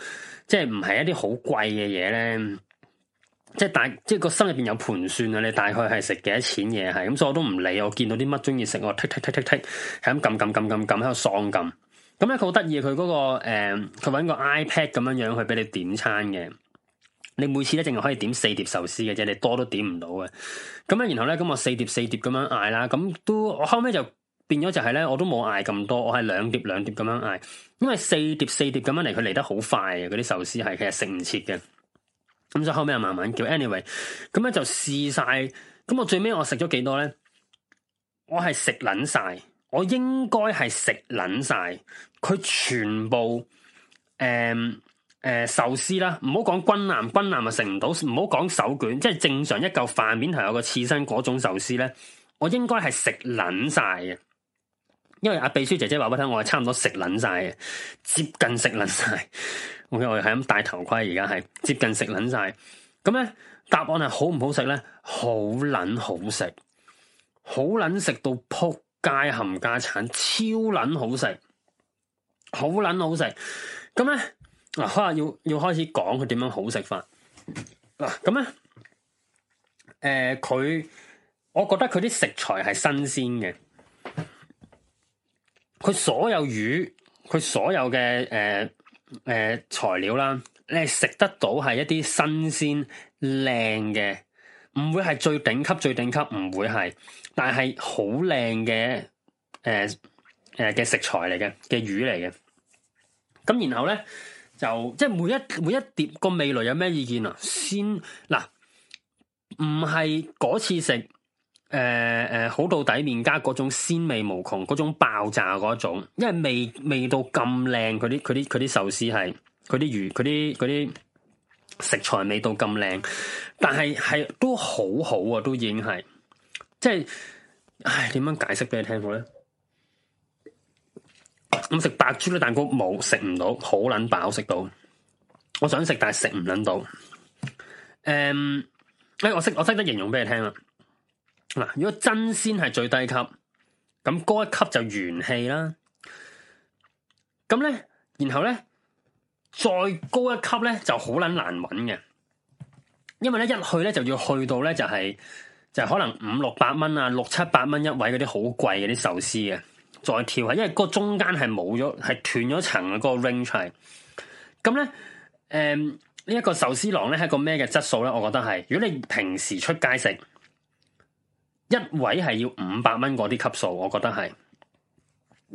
即係唔係一啲好貴嘅嘢咧。即係大，即係個心入邊有盤算啊！你大概係食幾多錢嘢，係咁所以我都唔理。我見到啲乜中意食，我剔剔剔剔剔，係咁撳撳撳撳撳，喺度喪撳。咁咧佢好得意，佢嗰、嗰個誒，佢、嗯、搵個 iPad 咁樣樣去俾你點餐嘅。你每次咧淨係可以點四碟壽司嘅啫，你多都點唔到嘅。咁咧然後咧咁我四碟四碟咁樣嗌啦，咁都我後尾就變咗就係、係、咧，我都冇嗌咁多，我係兩碟兩碟咁樣嗌，因為四碟四碟咁樣嚟，佢嚟得好快啊。嗰啲壽司係其實食唔切嘅。咁所以後尾又慢慢叫，anyway，咁咧就試晒。咁我最屘我食咗幾多咧？我係食捻晒，我應該係食捻晒。佢全部誒誒壽司啦，唔好講軍艦，軍艦又食唔到，唔好講手卷，即係正常一嚿飯面頭有個刺身嗰種壽司咧，我應該係食捻晒嘅。因為阿秘書姐姐話俾我聽，我係差唔多食捻晒嘅，接近食捻晒。Okay, 我哋係咁戴頭盔，而家係接近食撚晒。咁咧答案係好唔好食咧？好撚好食，好撚食到撲街冚家產，超撚好食，好撚好食。咁咧嗱，可能要要開始講佢點樣好食法。嗱咁咧，誒、呃、佢，我覺得佢啲食材係新鮮嘅，佢所有魚，佢所有嘅誒。呃誒、呃，材料啦，你係食得到係一啲新鮮靚嘅，唔會係最頂級最頂級，唔會係，但係好靚嘅，誒誒嘅食材嚟嘅嘅魚嚟嘅，咁然後咧就即係每一每一碟個味蕾有咩意見啊？先嗱，唔係嗰次食。誒誒，好，呃呃，到底面加嗰種鮮味無窮，嗰種爆炸，嗰種，因為味味道咁靚，佢啲佢啲啲壽司係，佢啲魚佢啲啲食材味道咁靚，但係係都好好啊，都已經係，即係，唉，點樣解釋俾你聽好咧？咁食白豬嘅蛋糕冇食唔到，好撚飽食到，我想食但係食唔撚到，誒，嗯，誒，欸，我識我識得形容俾你聽啦。嗱，如果真鮮係最低級，咁高一級就元氣啦。咁咧，然後咧，再高一級咧就好捻難揾嘅，因為咧一去咧就要去到咧就係、就係，可能五六百蚊啊，六七百蚊一位嗰啲好貴嘅啲壽司啊。再跳下，因為個中間係冇咗，係斷咗層嗰個 range 咁咧，誒呢，嗯這個，壽，一個壽司郎咧係一個咩嘅質素咧？我覺得係，如果你平時出街食。一位係要五百蚊嗰啲級數，我覺得係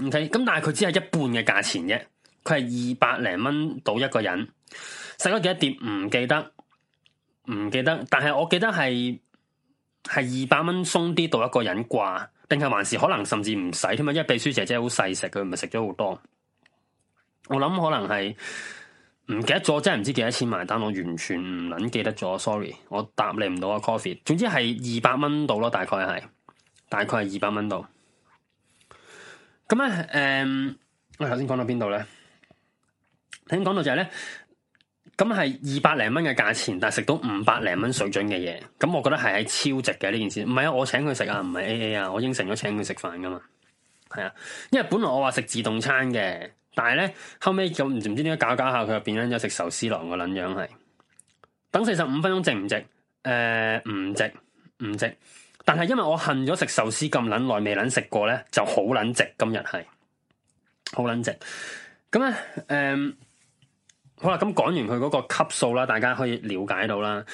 ，OK，咁但係佢只係一半嘅價錢啫，佢係二百零蚊到一個人，食咗幾多碟唔記得，唔記得，但係我記得係係二百蚊鬆啲到一個人啩，定係還是，還是可能甚至唔使添啊，因為秘書姐姐好細食，佢唔係食咗好多，我諗可能係。唔記得咗，真係唔知幾多錢埋單，我完全唔捻記得咗，sorry，我答你唔到啊！Coffee，總之係二百蚊到咯，大概係，大概係二百蚊度。咁咧，誒、嗯，我頭先講到邊度咧？頭先講到就係、是、咧，咁係二百零蚊嘅價錢，但係食到五百零蚊水準嘅嘢，咁我覺得係係超值嘅呢件事。唔係啊，我請佢食啊，唔係 AA 啊，我應承咗請佢食飯噶嘛，係啊，因為本來我話食自動餐嘅。但係咧，後尾就唔知點解搞搞下面呢，佢就變咗食壽司郎嘅捻樣係。等四十五分鐘值唔值？誒、呃，唔值，唔值。但係因為我恨咗食壽司咁捻耐，未捻食過咧，就好捻值。今日係好捻值。咁啊，誒、嗯，好啦，咁講完佢嗰個級數啦，大家可以了解到啦。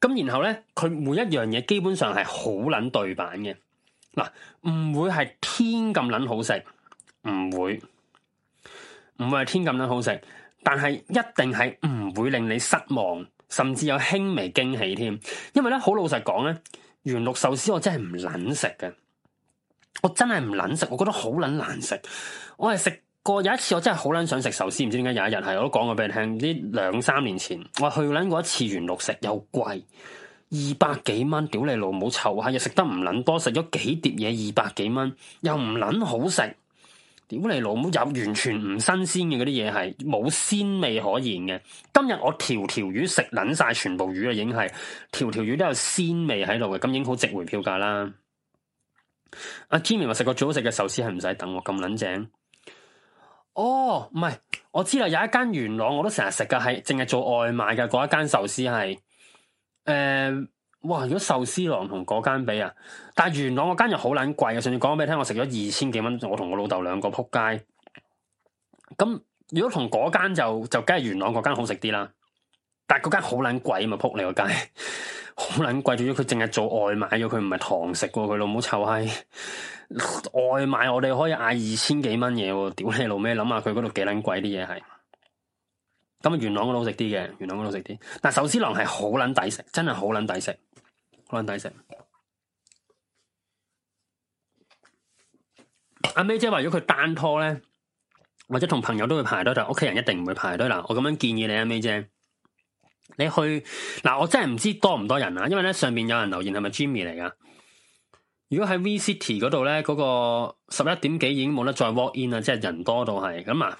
咁然後咧，佢每一樣嘢基本上係好捻對版嘅。嗱，唔會係天咁捻好食，唔會。唔會係天咁樣好食，但係一定係唔會令你失望，甚至有輕微驚喜添。因為咧，好老實講咧，元綠壽司我真係唔捻食嘅，我真係唔捻食，我覺得好捻難食。我係食過有一次，我真係好捻想食壽司，唔知點解有一日係，我都講過俾你聽。呢兩三年前，我去捻過一次元綠食，又貴，二百幾蚊，屌你老母臭閪又食得唔捻多，食咗幾碟嘢，二百幾蚊，又唔捻好食。屌你老母有完全唔新鮮嘅嗰啲嘢，係冇鮮味可言嘅。今日我條條魚食捻晒全部魚啊，已經係條條魚都有鮮味喺度嘅，咁已經好值回票價啦。阿 Kimmy 話食過最好食嘅壽司係唔使等，我咁捻正。哦，唔係，我知道有一間元朗，我都成日食嘅係淨係做外賣嘅嗰一間壽司係，誒、呃。哇！如果壽司郎同嗰間比啊，但係元朗嗰間又好撚貴啊。上次講俾你聽，我食咗二千幾蚊，我同我老豆兩個仆街。咁如果同嗰間就就梗係元朗嗰間好食啲啦，但係嗰間好撚貴啊嘛，仆你個街，好撚貴仲要佢淨係做外賣，咗佢唔係堂食喎，佢老母臭閪，哎、 外賣我哋可以嗌二千幾蚊嘢，屌你老咩諗下佢嗰度幾撚貴啲嘢係，咁啊元朗嗰度好食啲嘅，元朗嗰度好食啲，但係壽司郎係好撚抵食，真係好撚抵食。可能抵食。阿 May 姐話，如果佢單拖咧，或者同朋友都會排隊，就屋企人一定唔會排隊啦。我咁樣建議你，阿 May 姐，你去嗱，我真係唔知多唔多人啊。因為咧上面有人留言係咪 Jimmy 嚟噶？如果喺 V City 嗰度咧，嗰、嗰個十一點幾已經冇得再 walk in 啦，即係人多到係咁啊。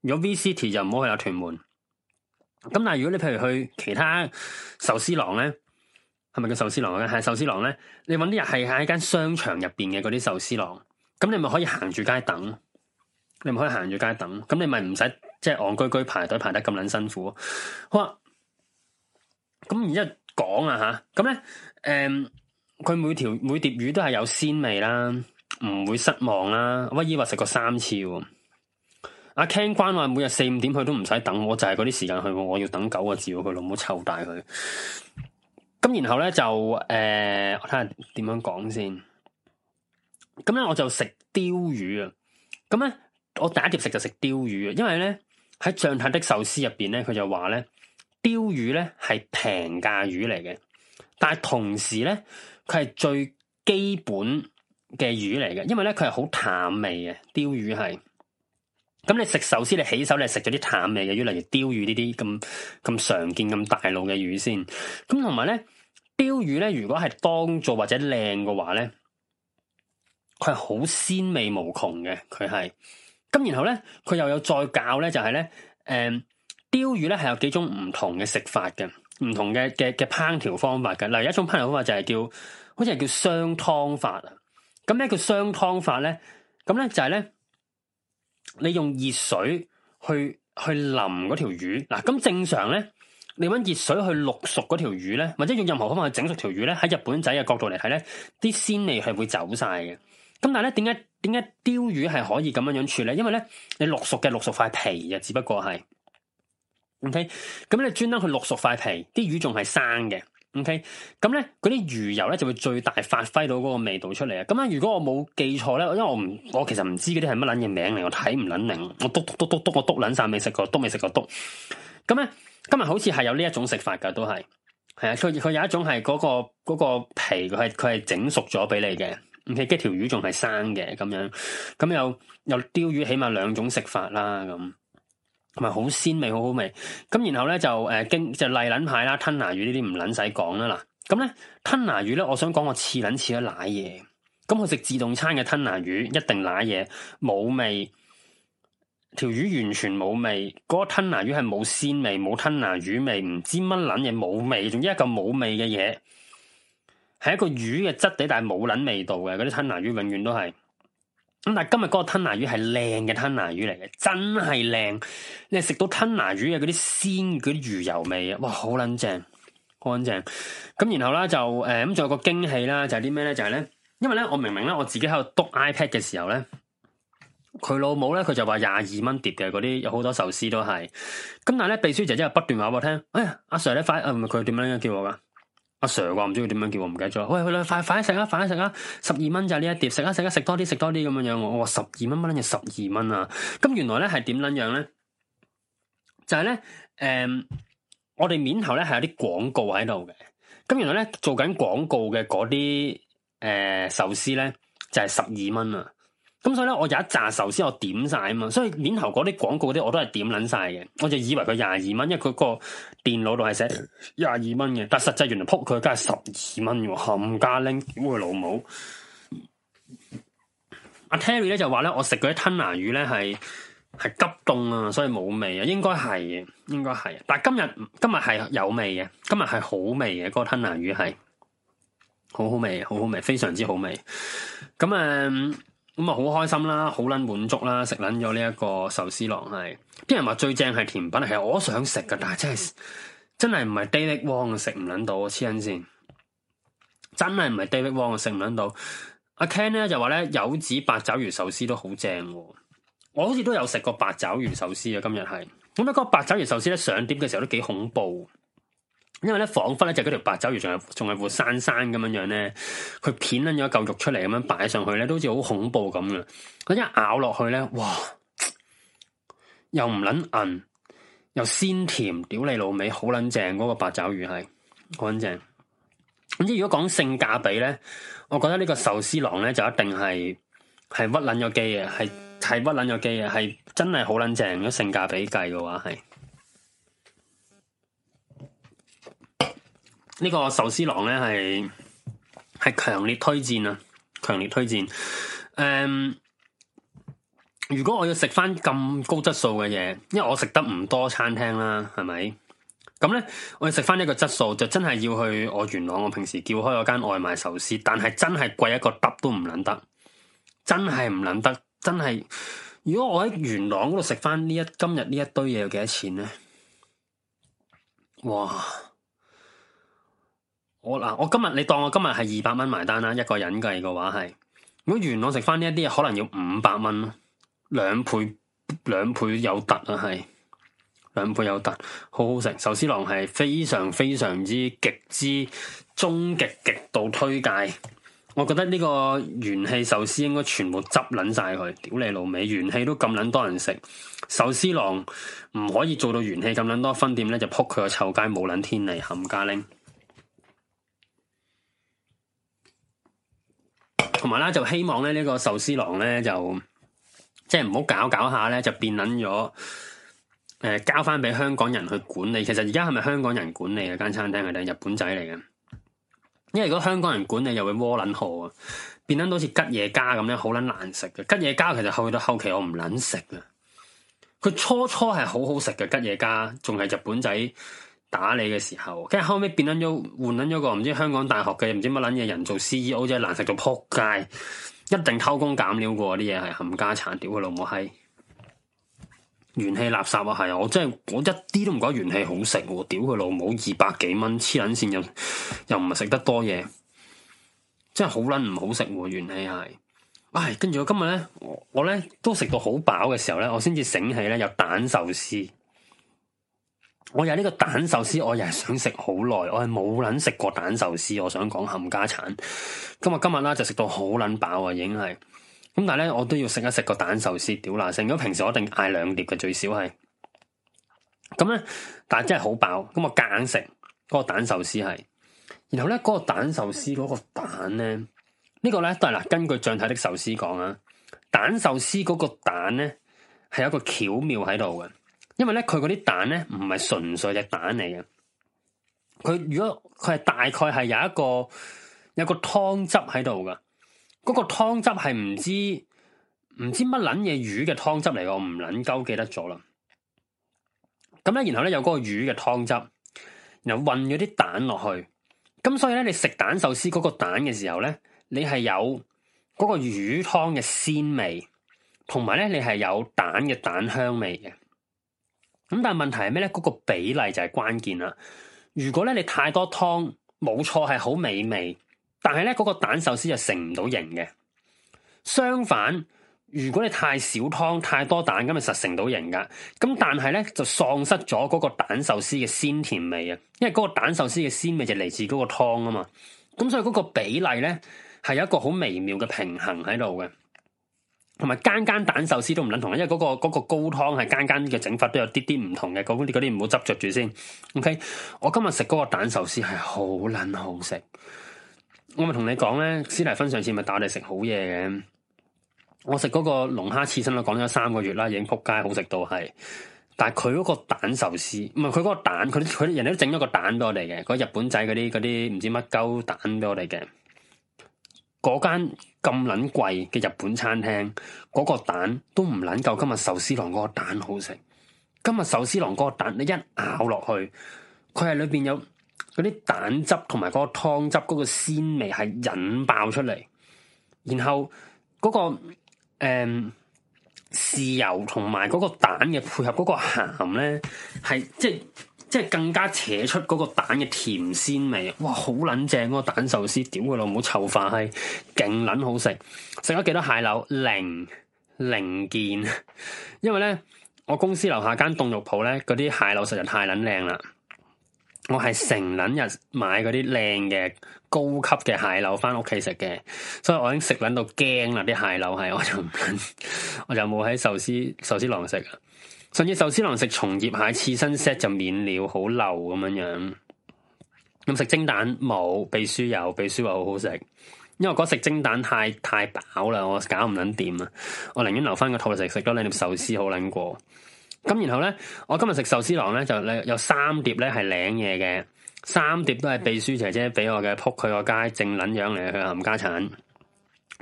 如果 V City 就唔好去喇，屯門。咁但係如果你譬如去其他壽司郎咧，係咪個壽司郎咧？係壽司郎咧，你揾啲人係喺間商場入邊嘅嗰啲壽司郎，咁你咪可以行住街等。你咪可以行住街等，咁你咪唔使即係戇居居排隊排得咁撚辛苦。好啊，咁然之後講啊吓，咁咧，誒、嗯，佢每條每碟魚都係有鮮味啦，唔會失望啦。威姨話食過三次喎。阿、啊、Ken 關話每日四五點佢都唔使等，我就係嗰啲時間去，我要等九個字，佢老母臭大佢。咁然後咧就誒、呃，我睇下點樣講先。咁、嗯、咧我就食鯛魚啊。咁、嗯、咧我第一碟食就食鯛魚，因為咧喺《象太的壽司》入邊咧，佢就話咧鯛魚咧係平價魚嚟嘅，但係同時咧佢係最基本嘅魚嚟嘅，因為咧佢係好淡味嘅，鯛魚係。咁你食壽司，你起手你食咗啲淡味嘅，如例如鯛魚呢啲咁咁常見，咁大路嘅魚先。咁同埋咧，鯛魚咧，如果係當造或者靚嘅話咧，佢係好鮮味無窮嘅。佢係咁，然後咧，佢又有再教咧，就係、是、咧，誒、呃，鯛魚咧係有幾種唔同嘅食法嘅，唔同嘅嘅嘅烹調方法嘅。嗱，有一種烹調方法就係叫，好似係叫雙湯法啊。咁咧叫雙湯法咧，咁咧就係咧。你用熱水去去淋嗰條魚，嗱咁正常咧，你揾熱水去渌熟嗰條魚咧，或者用任何方法去整熟條魚咧，喺日本仔嘅角度嚟睇咧，啲鮮味係會走晒嘅。咁但係咧，點解點解鲷魚係可以咁樣樣處理呢？因為咧，你渌熟嘅渌熟塊皮嘅，只不過係，OK，咁你專登去渌熟塊皮，啲魚仲係生嘅。OK，咁咧嗰啲魚油咧就會最大發揮到嗰個味道出嚟啊！咁啊，如果我冇記錯咧，因為我唔我其實唔知嗰啲係乜捻嘢名嚟，我睇唔捻明，我篤篤篤篤篤，我篤捻晒未食過，都未食過篤。咁咧今日好似係有呢一種食法噶，都係係啊，所以佢有一種係嗰、那個、那個皮，佢係佢係整熟咗俾你嘅唔 k 即係條魚仲係生嘅咁樣，咁又又釣魚起碼兩種食法啦咁。同埋好鮮味，好好味。咁然後咧就誒經、呃、就例撚牌啦，吞拿魚呢啲唔撚使講啦嗱。咁咧吞拿魚咧，我想講個似撚似嘅瀨嘢。咁佢食自動餐嘅吞拿魚一定瀨嘢，冇味。條魚完全冇味，嗰、嗰個、吞拿魚係冇鮮味，冇吞拿魚味，唔知乜撚嘢冇味，仲之一嚿冇味嘅嘢，係一個魚嘅質地，但係冇撚味道嘅。嗰啲吞拿魚永遠都係。咁但係今日嗰個吞拿魚係靚嘅吞拿魚嚟嘅，真係靚。你食到吞拿魚嘅嗰啲鮮，嗰啲魚油味啊，哇，好撚正，乾淨。咁然後咧就誒，咁、呃、仲有個驚喜啦，就係啲咩咧？就係、是、咧，因為咧，我明明咧我自己喺度篤 iPad 嘅時候咧，佢老母咧佢就話廿二蚊碟嘅嗰啲，有好多壽司都係。咁但係咧，秘書姐姐不斷話俾我聽，哎呀，阿、啊、Sir 咧快，唔佢點樣叫我噶？阿 sir 話唔知佢點樣叫我唔記得咗，喂去兩快快啲食、哦、啊，快啲食啊，十二蚊就係呢一碟食啊食啊食多啲食多啲咁樣樣，我我話十二蚊蚊，捻嘢十二蚊啊，咁原來咧係點捻樣咧，就係咧誒，我哋面頭咧係有啲廣告喺度嘅，咁原來咧做緊廣告嘅嗰啲誒壽司咧就係十二蚊啊。咁所以咧，我有一紮壽司我點晒啊嘛，所以面頭嗰啲廣告嗰啲我都係點捻晒嘅，我就以為佢廿二蚊，因為佢個電腦度係寫廿二蚊嘅，但實際原來扑佢，梗係十二蚊嘅，冚家拎，屌佢老母！阿 Terry 咧就話咧，我食嗰啲吞拿魚咧係係急凍啊，所以冇味啊，應該係嘅，應該係，但今日今日係有味嘅，今日係好味嘅，個吞拿魚係好好味，好好味，非常之好味。咁啊～、嗯咁啊，好開心啦，好捻滿足啦，食捻咗呢一個壽司郎係。啲人話最正係甜品，係我想食噶，但係真係真係唔係 Daily Wong 啊，食唔捻到，黐撚線，真係唔係 Daily Wong 啊，食唔捻到。阿 Ken 咧就話咧，柚子八爪魚壽司都好正，我好似都有食過八爪魚壽司啊，今日係。咁咧嗰個八爪魚壽司咧上碟嘅時候都幾恐怖。因為咧，仿佛咧就嗰條八爪魚仲係仲係活生生咁樣樣咧，佢片捻咗一嚿肉出嚟咁樣擺上去咧，都好似好恐怖咁嘅。佢一咬落去咧，哇，又唔捻韌，又鮮甜，屌你老味，好捻正嗰個八爪魚係，乾淨。總之如果講性價比咧，我覺得呢個壽司郎咧就一定係係屈捻咗機啊，係係屈捻咗機啊，係真係好捻正。如果性價比計嘅話係。個壽呢個壽司郎咧係係強烈推薦啊！強烈推薦。誒、um，如果我要食翻咁高質素嘅嘢，因為我食得唔多餐廳啦，係咪？咁咧，我要食翻呢個質素，就真係要去我元朗。我平時叫開嗰間外賣壽司，但係真係貴一個揼都唔捻得，真係唔捻得，真係。如果我喺元朗嗰度食翻呢一今日呢一堆嘢，要幾多錢咧？哇！我嗱，我今日你當我今日係二百蚊埋單啦，一個人計嘅話係，如果元朗食翻呢一啲可能要五百蚊咯，兩倍兩倍有得啊，係兩倍有得，有得好好食。壽司郎係非常非常之極之終極極度推介，我覺得呢個元氣壽司應該全部執捻晒佢，屌你老味！元氣都咁捻多人食，壽司郎唔可以做到元氣咁捻多分店咧，就扑佢個臭街冇捻天理，冚家拎。同埋啦，就希望咧呢個壽司郎咧，就即係唔好搞搞搞下咧，就變撚咗誒交翻俾香港人去管理。其實而家係咪香港人管理啊間餐廳啊定日本仔嚟嘅？因為如果香港人管理又會窩撚賀啊，變撚到好似吉野家咁樣好撚難食嘅吉野家，其實去到後期我唔撚食啊。佢初初係好好食嘅吉野家，仲係日本仔。打你嘅時候，跟住後尾變捻咗，換捻咗個唔知香港大學嘅唔知乜捻嘢人做 CEO，真係難食到撲街，一定偷工減料噶啲嘢係冚家鏟，屌佢老母閪，元氣垃圾啊係，我真係我一啲都唔覺得元氣好食，屌佢老母二百幾蚊黐捻線，又又唔係食得多嘢，真係好捻唔好食，元氣係，唉，跟住我今日咧，我我咧都食到好飽嘅時候咧，我先至醒起咧有蛋壽司。我有呢個蛋壽司，我又係想食好耐，我係冇捻食過蛋壽司。我想講冚家鏟，今日今日啦就食到好捻飽啊，已經係。咁但係咧，我都要食一食個蛋壽司，屌乸聲。如果平時我一定嗌兩碟嘅最少係。咁咧，但係真係好飽。咁我夾硬食個蛋壽司係。然後咧，嗰個蛋壽司嗰個蛋咧，呢個咧都係啦。根據《象體的壽司》講啊，蛋壽司嗰個蛋咧係有一個巧妙喺度嘅。因為咧，佢嗰啲蛋咧唔係純粹只蛋嚟嘅，佢如果佢係大概係有一個有個湯汁喺度噶，嗰個湯汁係唔知唔知乜捻嘢魚嘅湯汁嚟，我唔捻鳩記得咗啦。咁咧，然後咧有嗰個魚嘅湯汁，然後混咗啲蛋落去，咁所以咧你食蛋壽司嗰個蛋嘅時候咧，你係有嗰個魚湯嘅鮮味，同埋咧你係有蛋嘅蛋香味嘅。咁但係問題係咩咧？嗰個比例就係關鍵啦。如果咧你太多湯，冇錯係好美味，但係咧嗰個蛋壽司就成唔到型嘅。相反，如果你太少湯、太多蛋，咁咪實成到型噶。咁但係咧就喪失咗嗰個蛋壽司嘅鮮甜味啊。因為嗰個蛋壽司嘅鮮味就嚟自嗰個湯啊嘛。咁所以嗰個比例咧係有一個好微妙嘅平衡喺度嘅。同埋間間蛋壽司都唔撚同嘅，因為嗰個嗰個高湯係間間嘅整法都有啲啲唔同嘅，嗰啲唔好執着住先。OK，我今日食嗰個蛋壽司係好撚好食，我咪同你講咧，師奶芬上次咪帶我哋食好嘢嘅，我食嗰個龍蝦刺身啦，講咗三個月啦，已經撲街好食到係，但係佢嗰個蛋壽司唔係佢嗰個蛋，佢佢人哋都整咗個蛋俾我哋嘅，嗰日本仔嗰啲嗰啲唔知乜鳩蛋俾我哋嘅。嗰間咁撚貴嘅日本餐廳，嗰、那個蛋都唔撚夠今日壽司郎嗰個蛋好食。今日壽司郎嗰個蛋，你一咬落去，佢係裏邊有嗰啲蛋汁同埋嗰個湯汁嗰個鮮味係引爆出嚟，然後嗰、那個誒、嗯，豉油同埋嗰個蛋嘅配合鹹，呢，嗰個鹹咧係即係。就是即係更加扯出嗰個蛋嘅甜鮮味，哇，好捻正嗰個蛋壽司，屌佢老母臭化閪，勁捻好食。食咗幾多蟹柳，零零件， 因為咧我公司樓下間凍肉鋪咧，嗰啲蟹柳實在太捻靚啦。我係成捻日買嗰啲靚嘅高級嘅蟹柳翻屋企食嘅，所以我已經食捻到驚啦，啲蟹柳係，我就唔捻 我就冇喺壽司壽司郎食甚至壽司郎食松葉蟹刺身 set 就免了，好漏咁樣樣。咁食蒸蛋冇？秘書有，秘書話好好食。因為嗰食蒸蛋太太飽啦，我搞唔捻掂啊！我寧願留翻個肚嚟食，食多兩碟壽司好捻過。咁然後咧，我今日食壽司郎咧就咧有三碟咧係領嘢嘅，三碟都係秘書姐姐俾我嘅，撲佢個街正捻樣嚟嘅，佢冚家產。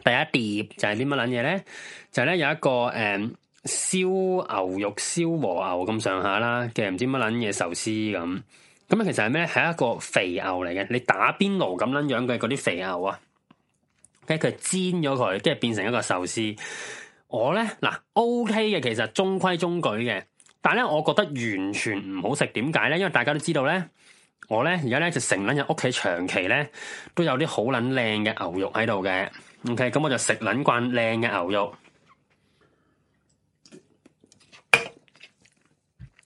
第一碟就係啲乜捻嘢咧？就係咧有一個誒。燒牛肉、燒和牛咁上下啦，其實唔知乜捻嘢壽司咁，咁咧其實係咩咧？係一個肥牛嚟嘅，你打邊爐咁捻樣嘅嗰啲肥牛啊，跟住佢煎咗佢，跟住變成一個壽司。我咧嗱，OK 嘅，其實、OK、中規中矩嘅，但係咧我覺得完全唔好食。點解咧？因為大家都知道咧，我咧而家咧就成捻日屋企長期咧都有啲好捻靚嘅牛肉喺度嘅，OK，咁我就食捻慣靚嘅牛肉。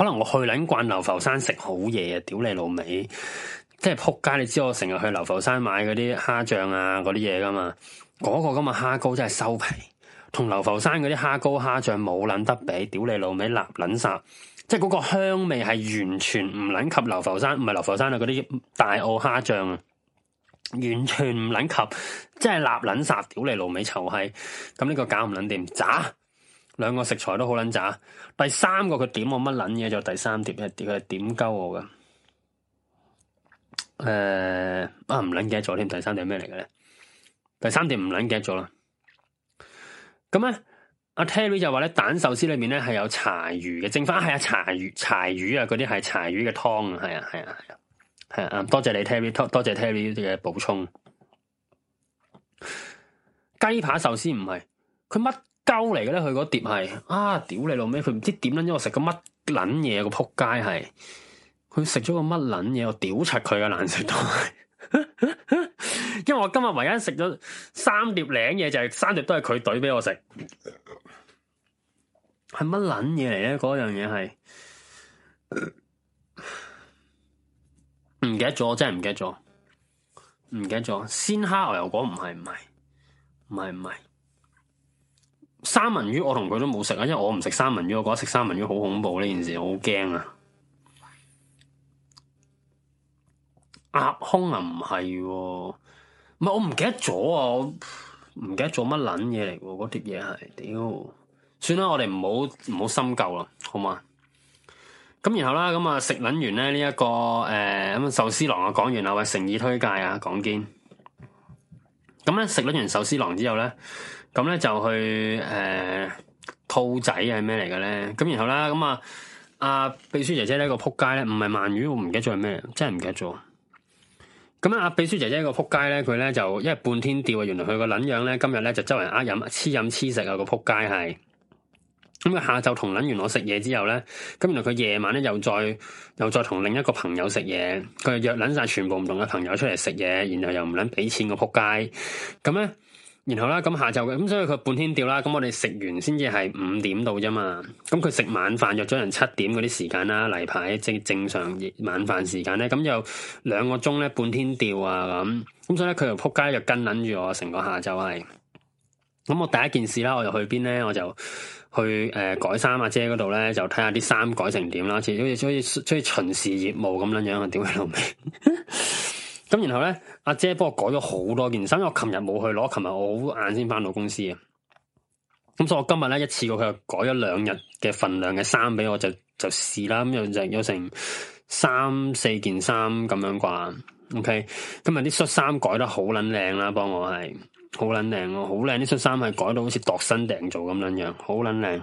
可能我去撚慣流浮山食好嘢啊！屌你老味，即係仆街！你知我成日去流浮山買嗰啲蝦醬啊，嗰啲嘢㗎嘛？嗰個咁嘅蝦膏真係收皮，同流浮山嗰啲蝦膏蝦醬冇撚得比。屌你老味臘撚煞，即係嗰個香味係完全唔撚及流浮山，唔係流浮山啊！嗰啲大澳蝦醬啊，完全唔撚及，即係臘撚煞！屌你老味臭閪！咁呢個搞唔撚掂，渣。兩個食材都好卵渣，第三個佢點我乜卵嘢？就第三碟一碟佢點鳩我㗎。誒啊唔卵記得咗添，第三碟係咩嚟嘅咧？第三碟唔卵記得咗啦。咁咧阿 Terry 就話咧，蛋壽司裏面咧係有柴魚嘅，正翻係啊柴魚，柴魚啊，嗰啲係柴魚嘅湯啊，係啊係啊係啊。係啊，多謝你 Terry 多謝 Terry 嘅補充。雞扒壽司唔係，佢乜？鳩嚟嘅咧，佢嗰碟係啊，屌你老味！佢唔知點撚咗我食個乜撚嘢個撲街係，佢食咗個乜撚嘢，我屌柒佢嘅難食到，因為我今日唯一食咗三碟靚嘢，就係三碟都係佢懟俾我食，係乜撚嘢嚟咧？嗰樣嘢係唔記得咗，真係唔記得咗，唔記得咗，鮮蝦牛油果唔係唔係唔係唔係。三文魚，我同佢都冇食啊，因為我唔食三文魚，我覺得食三文魚好恐怖呢件事，好驚啊！鴨胸啊，唔係，唔係我唔記得咗啊，唔記得咗乜撚嘢嚟？嗰啲嘢係，屌，算啦，我哋唔好唔好深究啦，好嘛？咁然後啦，咁啊食捻完咧呢一、這個誒咁壽司郎啊講完啦，喂誠意推介啊，講堅咁咧食捻完壽司郎之後咧。咁咧、嗯、就去誒、嗯，兔仔啊係咩嚟嘅咧？咁然後啦，咁啊阿秘書姐姐呢個扑街咧，唔係鰻魚，我唔記得咗係咩，真係唔記得咗。咁啊阿秘書姐姐個扑街咧，佢咧就因為半天吊啊，原來佢個撚樣咧，今日咧就周圍人呃飲黐飲黐食啊個扑街係。咁啊下晝同撚完我食嘢之後咧，咁原來佢夜晚咧又再又再同另一個朋友食嘢，佢約撚晒全部唔同嘅朋友出嚟食嘢，然後又唔撚俾錢個扑街，咁咧。然後啦，咁下晝嘅，咁所以佢半天吊啦。咁我哋食完先至係五點到啫嘛。咁佢食晚飯約咗人七點嗰啲時間啦，例牌正正常晚飯時間咧，咁就兩個鐘咧半天吊啊，咁，咁所以咧佢又扑街又，就跟捻住我成個下晝係。咁我第一件事啦，我就去邊咧，我就去誒、呃、改衫阿、啊、姐嗰度咧，就睇下啲衫改成點啦，似好似好似好似出去巡視業務咁樣樣，我屌佢老味？ 咁然後咧，阿姐，姐幫我改咗好多件衫，因為我琴日冇去攞，琴日我好晏先翻到公司嘅。咁所以我今日咧一次過佢又改咗兩日嘅份量嘅衫俾我就，就就試啦。咁有就有成三四件衫咁樣啩、嗯。OK，今日啲恤衫改得好撚靚啦，幫我係好撚靚，好靚，啲恤衫係改到好似度身訂做咁樣樣，好撚靚。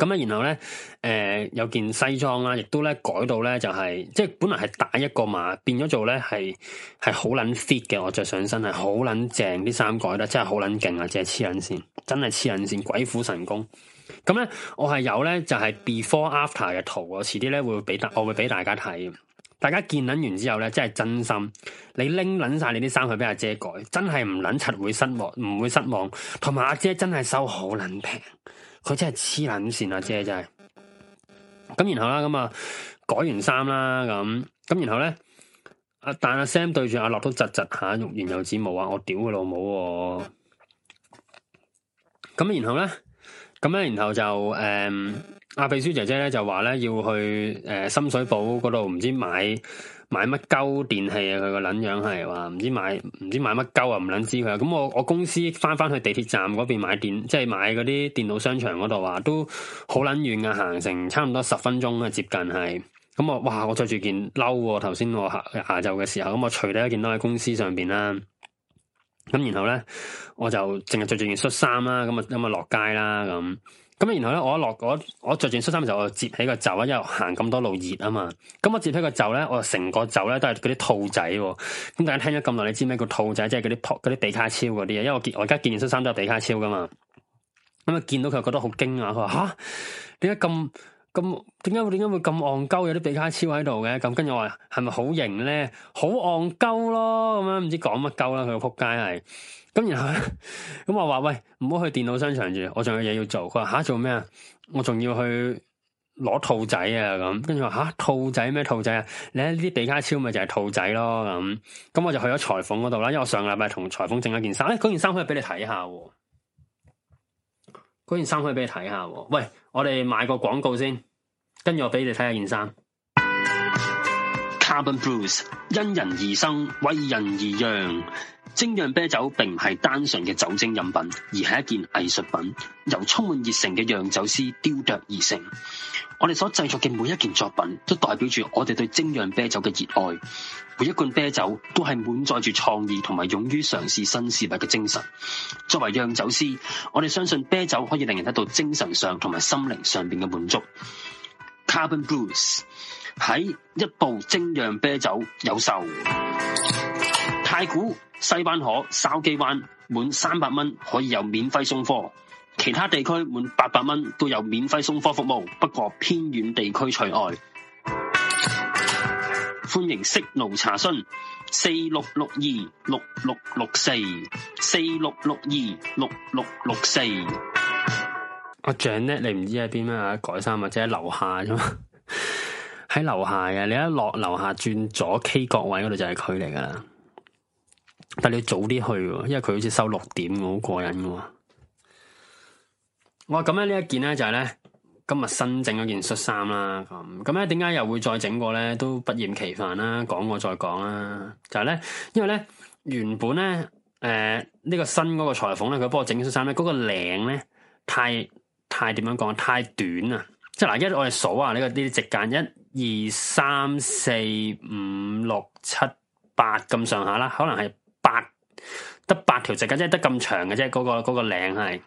咁啊，然後咧，誒、呃、有件西裝啦，亦都咧改到咧就係、是，即係本來係大一個碼，變咗做咧係係好撚 fit 嘅，我着上身係好撚正，啲衫改得真係好撚勁啊！姐黐撚線，真係黐撚線，鬼斧神工。咁咧，我係有咧就係、是、before after 嘅圖啊，遲啲咧會俾大，我會俾大家睇，大家見撚完之後咧，真係真心你拎撚晒你啲衫去俾阿姐,姐改，真係唔撚柒會失望，唔會失望。同埋阿姐真係收好撚平。佢真係黐捻線啊！姐真係，咁然後啦，咁啊改完衫啦，咁咁然後咧，阿但阿 Sam 對住阿樂都窒窒下，欲言又止，冇啊。我屌佢老母，咁然後咧，咁咧然後就誒，阿、嗯、秘書姐姐咧就話咧要去誒深水埗嗰度唔知買。買乜鳩電器啊？佢個捻樣係話唔知買唔知買乜鳩啊？唔捻知佢，咁我我公司翻翻去地鐵站嗰邊買電，即係買嗰啲電腦商場嗰度話都好捻遠噶，行成差唔多十分鐘啊，接近係，咁我哇我着住件褸喎，啊，頭先我下下晝嘅時候，咁我除低一件都喺公司上邊啦，咁然後咧我就淨係着住件恤衫啦，咁啊咁啊落街啦咁。咁然後咧，我一落我一我著住恤衫嘅時候，我接起個袖啊，因為行咁多路熱啊嘛。咁我接起個袖咧，我成個袖咧都係嗰啲兔仔。咁大家聽咗咁耐，你知咩叫兔仔？即係嗰啲托啲地卡超嗰啲啊。因為我而家著住恤衫都係地卡超噶嘛。咁啊，見到佢覺得好驚啊！佢話吓？點解咁咁？點解點解會咁戇鳩？有啲地卡超喺度嘅。咁跟住我話，係咪好型咧？好戇鳩咯。咁樣唔知講乜鳩啦。佢個仆街係。咁然後咧，咁我話喂，唔好去電腦商場住，我仲有嘢要做。佢話吓，做咩啊？我仲要去攞兔仔啊咁。跟住話吓，兔仔？咩兔仔啊？啊你喺呢啲比卡超咪就係兔仔咯咁。咁我就去咗裁縫嗰度啦。因為我上個禮拜同裁縫整一件衫，誒、哎，嗰件衫可以俾你睇下。嗰件衫可以俾你睇下。喂，我哋買個廣告先，跟住我俾你睇下件衫。Carbon Blues 因人而生，為人而讓。精釀啤酒並唔係單純嘅酒精飲品，而係一件藝術品，由充滿熱誠嘅釀酒師雕琢而成。我哋所製作嘅每一件作品，都代表住我哋對精釀啤酒嘅熱愛。每一罐啤酒都係滿載住創意同埋勇於嘗試新事物嘅精神。作為釀酒師，我哋相信啤酒可以令人得到精神上同埋心靈上邊嘅滿足。Carbon Blues 喺一部精釀啤酒有售。太古、西灣河、筲箕灣，滿三百蚊可以有免費送貨；其他地區滿八百蚊都有免費送貨服務，不過偏遠地區除外。歡迎識路查詢：四六六二六六六四，四六六二六六六四。阿 Janet，你唔知喺邊咩啊？Janet, 改衫或者喺樓下添，喺 樓下嘅，你一落樓下轉左 K 角位嗰度就係佢嚟噶啦。但你要早啲去，因為佢好似收六點，我好過癮噶。我咁樣呢一件咧，就係咧今日新整嗰件恤衫啦。咁咁咧，點解又會再整過咧？都不厭其煩啦，講過再講啦。就係咧，因為咧原本咧，誒呢個新嗰個裁縫咧，佢幫我整恤衫咧，嗰個領咧太太點樣講？太短啊！即係嗱，一我哋數啊，呢個呢啲直間一二三四五六七八咁上下啦，可能係。八得八條直間，即係得咁長嘅啫。嗰、那個嗰、那個領係咁、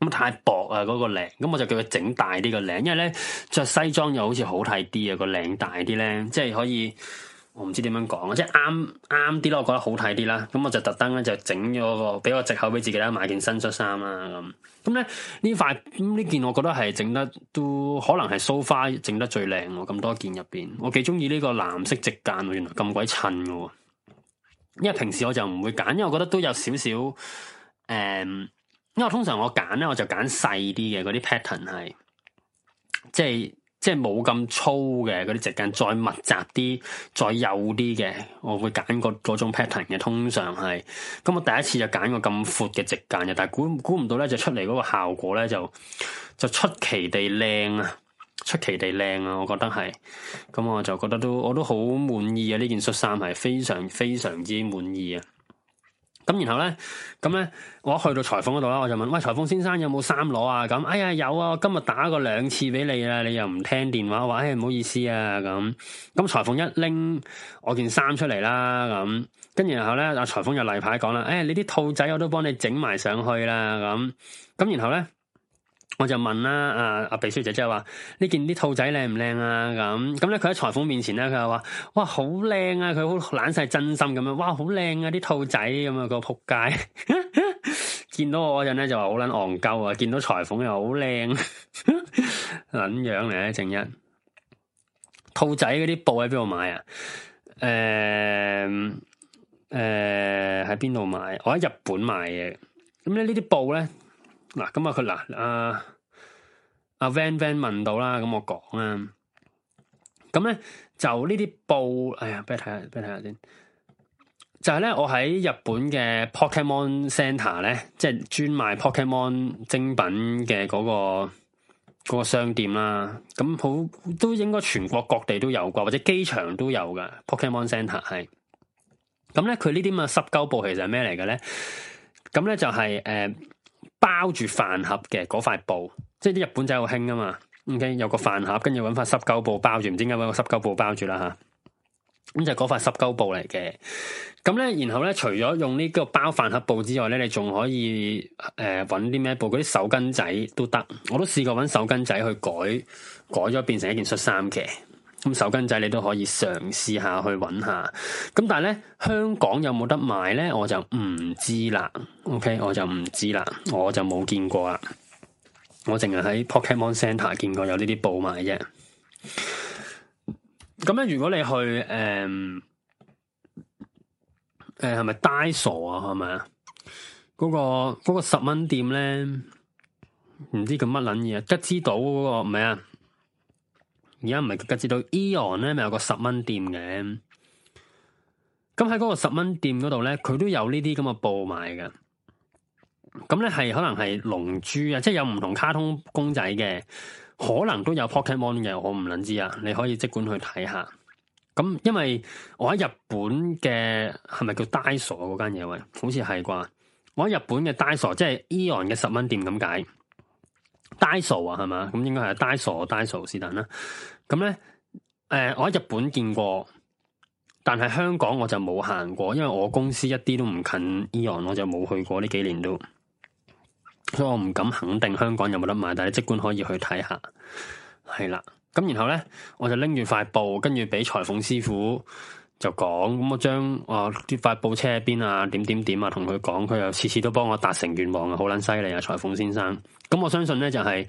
那個、太薄啊，嗰、那個領咁我就叫佢整大啲個領，因為咧着西裝又好似好睇啲啊。個領大啲咧，即係可以我唔知點樣講，即係啱啱啲咯，我覺得好睇啲啦。咁我就特登咧就整咗個俾個借口俾自己啦，買件新恤衫啦咁。咁咧呢塊咁呢件，我覺得係整得都可能係 so far 整得最靚。咁多件入邊，我幾中意呢個藍色直間。原來咁鬼襯嘅。因為平時我就唔會揀，因為我覺得都有少少，誒、嗯，因為我通常我揀咧，我就揀細啲嘅嗰啲 pattern 係，即係即係冇咁粗嘅嗰啲直間再密集啲、再幼啲嘅，我會揀嗰種 pattern 嘅。通常係，咁我第一次就揀個咁闊嘅直間嘅，但係估估唔到咧，就出嚟嗰個效果咧就就出奇地靚啊！出奇地靚啊！我覺得係，咁、嗯、我就覺得都我都好滿意啊！呢件恤衫係非常非常之滿意啊！咁然後咧，咁咧，我去到裁縫嗰度啦，我就問：喂，裁縫先生有冇衫攞？啊？咁，哎呀，有啊！今日打過兩次俾你啦，你又唔聽電話，哎，唔好意思啊！咁，咁裁縫一拎我件衫出嚟啦，咁，跟然後咧，阿裁縫又例牌講啦：誒、哎，你啲兔仔我都幫你整埋上去啦，咁，咁然後咧。我就問啦、啊，阿、啊、阿秘書姐姐話：呢件啲兔仔靚唔靚啊？咁咁咧，佢喺裁縫面前咧，佢又話：哇，好靚啊！佢好懶晒真心咁樣，哇，好靚啊！啲兔仔咁啊個仆街， 見到我嗰陣咧就話好捻戇鳩啊！見到裁縫又好靚，捻 樣嚟咧？靜一，兔仔嗰啲布喺邊度買啊？誒、呃、誒，喺邊度買？我喺日本買嘅。咁咧呢啲布咧。嗱，咁啊佢嗱，阿、啊、阿、啊、Van Van 問到啦，咁我講啊，咁咧就呢啲布，哎呀，俾我睇下，俾我睇下先。就係咧，我喺日本嘅 Pokemon Center 咧，即係專賣 Pokemon 精品嘅嗰個嗰個商店啦。咁好都應該全國各地都有啩，或者機場都有嘅 Pokemon Center 係。咁咧佢呢啲咁嘅濕鳩布其實係咩嚟嘅咧？咁咧就係誒。呃包住飯盒嘅嗰塊布，即係啲日本仔好興啊嘛，OK 有個飯盒，跟住搵塊濕膠布包住，唔知點解搵個濕膠布包住啦吓，咁、啊、就嗰塊濕膠布嚟嘅。咁咧，然後咧，除咗用呢個包飯盒布之外咧，你仲可以誒搵啲咩布？嗰啲手巾仔都得，我都試過搵手巾仔去改，改咗變成一件恤衫嘅。咁手巾仔你都可以嘗試下去揾下，咁但係咧，香港有冇得賣咧，我就唔知啦。OK，我就唔知啦，我就冇見過啦，我淨係喺 Pokémon Center 見過有呢啲布賣啫。咁、嗯、咧，如果你去誒誒係咪 Daiso 啊？係咪啊？嗰、那個個十蚊店咧，唔知叫乜捻嘢？吉之島嗰、那個唔係啊？而家唔係格至到 Eon 咧，咪有個十蚊店嘅。咁喺嗰個十蚊店嗰度咧，佢都有呢啲咁嘅布賣嘅。咁咧係可能係龍珠啊，即係有唔同卡通公仔嘅，可能都有 Pokemon 嘅，我唔撚知啊。你可以即管去睇下。咁因為我喺日本嘅係咪叫 Daiso 嗰間嘢喂？好似係啩？我喺日本嘅 Daiso，即係 Eon 嘅十蚊店咁解。Daiso 啊，係嘛？咁應該係 Daiso，Daiso 是但啦。咁咧，誒，我喺日本見過，但係香港我就冇行過，因為我公司一啲都唔近 AEON，我就冇去過呢幾年都，所以我唔敢肯定香港有冇得買。但係，你即管可以去睇下，係啦。咁然後咧，我就拎住塊布，跟住俾裁縫師傅。就講咁，我將啊啲發佈車喺邊啊點點點啊，同佢講，佢又次次都幫我達成願望啊，好撚犀利啊，裁縫先生。咁我相信呢，就係、係、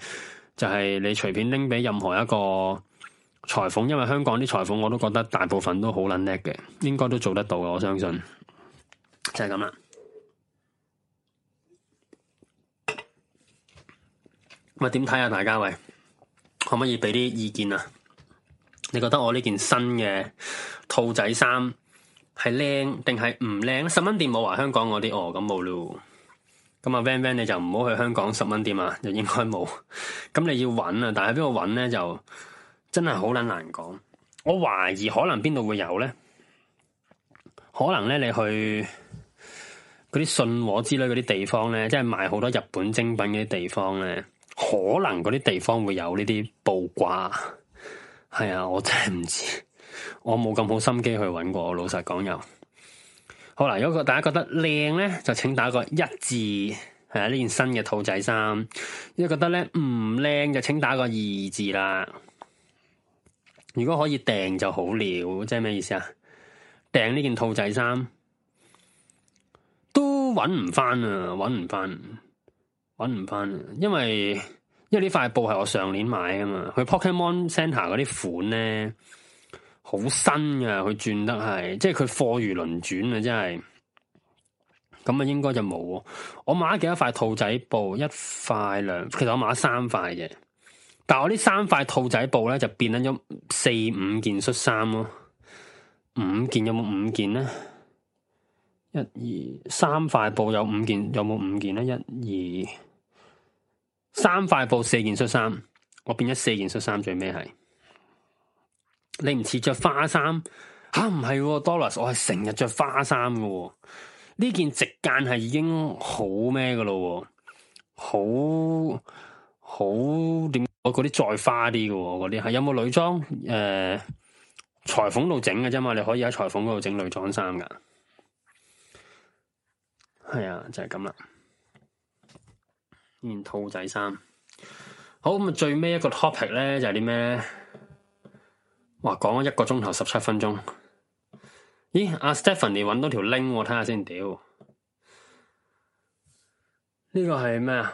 就係、係、你隨便拎俾任何一個裁縫，因為香港啲裁縫我都覺得大部分都好撚叻嘅，應該都做得到嘅。我相信就係咁啦。喂，點睇下大家位可唔可以俾啲意見啊？你覺得我呢件新嘅兔仔衫係靚定係唔靚？十蚊店冇話、啊、香港嗰啲哦咁冇咯，咁啊 Van Van 你就唔好去香港十蚊店啊，就應該冇。咁 你要揾啊，但係邊度揾咧就真係好捻難講。我懷疑可能邊度會有咧，可能咧你去嗰啲信和之類嗰啲地方咧，即係賣好多日本精品啲地方咧，可能嗰啲地方會有呢啲布掛。係啊，我真係唔知，我冇咁好心機去揾過我老實講又，好啦，如果大家覺得靚咧，就請打個一字，係啊呢件新嘅兔仔衫，如果覺得咧唔靚，就請打個二字啦。如果可以訂就好了，即係咩意思啊？訂呢件兔仔衫都揾唔翻啊，揾唔翻，揾唔翻，因為。因為呢塊布係我上年買啊嘛，佢 Pokemon Center 嗰啲款咧好新噶，佢轉得係，即係佢貨如輪轉啊，真係。咁啊，應該就冇。我買咗幾多塊兔仔布，一塊兩，其實我買咗三塊啫。但係我呢三塊兔仔布咧，就變咗咗四五件恤衫咯、啊。五件有冇五件咧？一二三塊布有五件，有冇五件咧？一二。三塊布四件恤衫，我變咗四件恤衫，最尾係你唔似着花衫？吓，唔係，Doris，我係成日着花衫噶。呢件直間係已經好咩噶咯？好好點解嗰啲再花啲噶嗰啲，係有冇女裝？誒、呃，裁縫度整嘅啫嘛，你可以喺裁縫嗰度整女裝衫噶。係啊，就係咁啦。呢件兔仔衫，好咁啊！最尾一個 topic 咧就係啲咩咧？哇，講咗一個鐘頭十七分鐘，咦？阿 Stephanie 你搵到條 link 我睇下先，屌呢個係咩啊？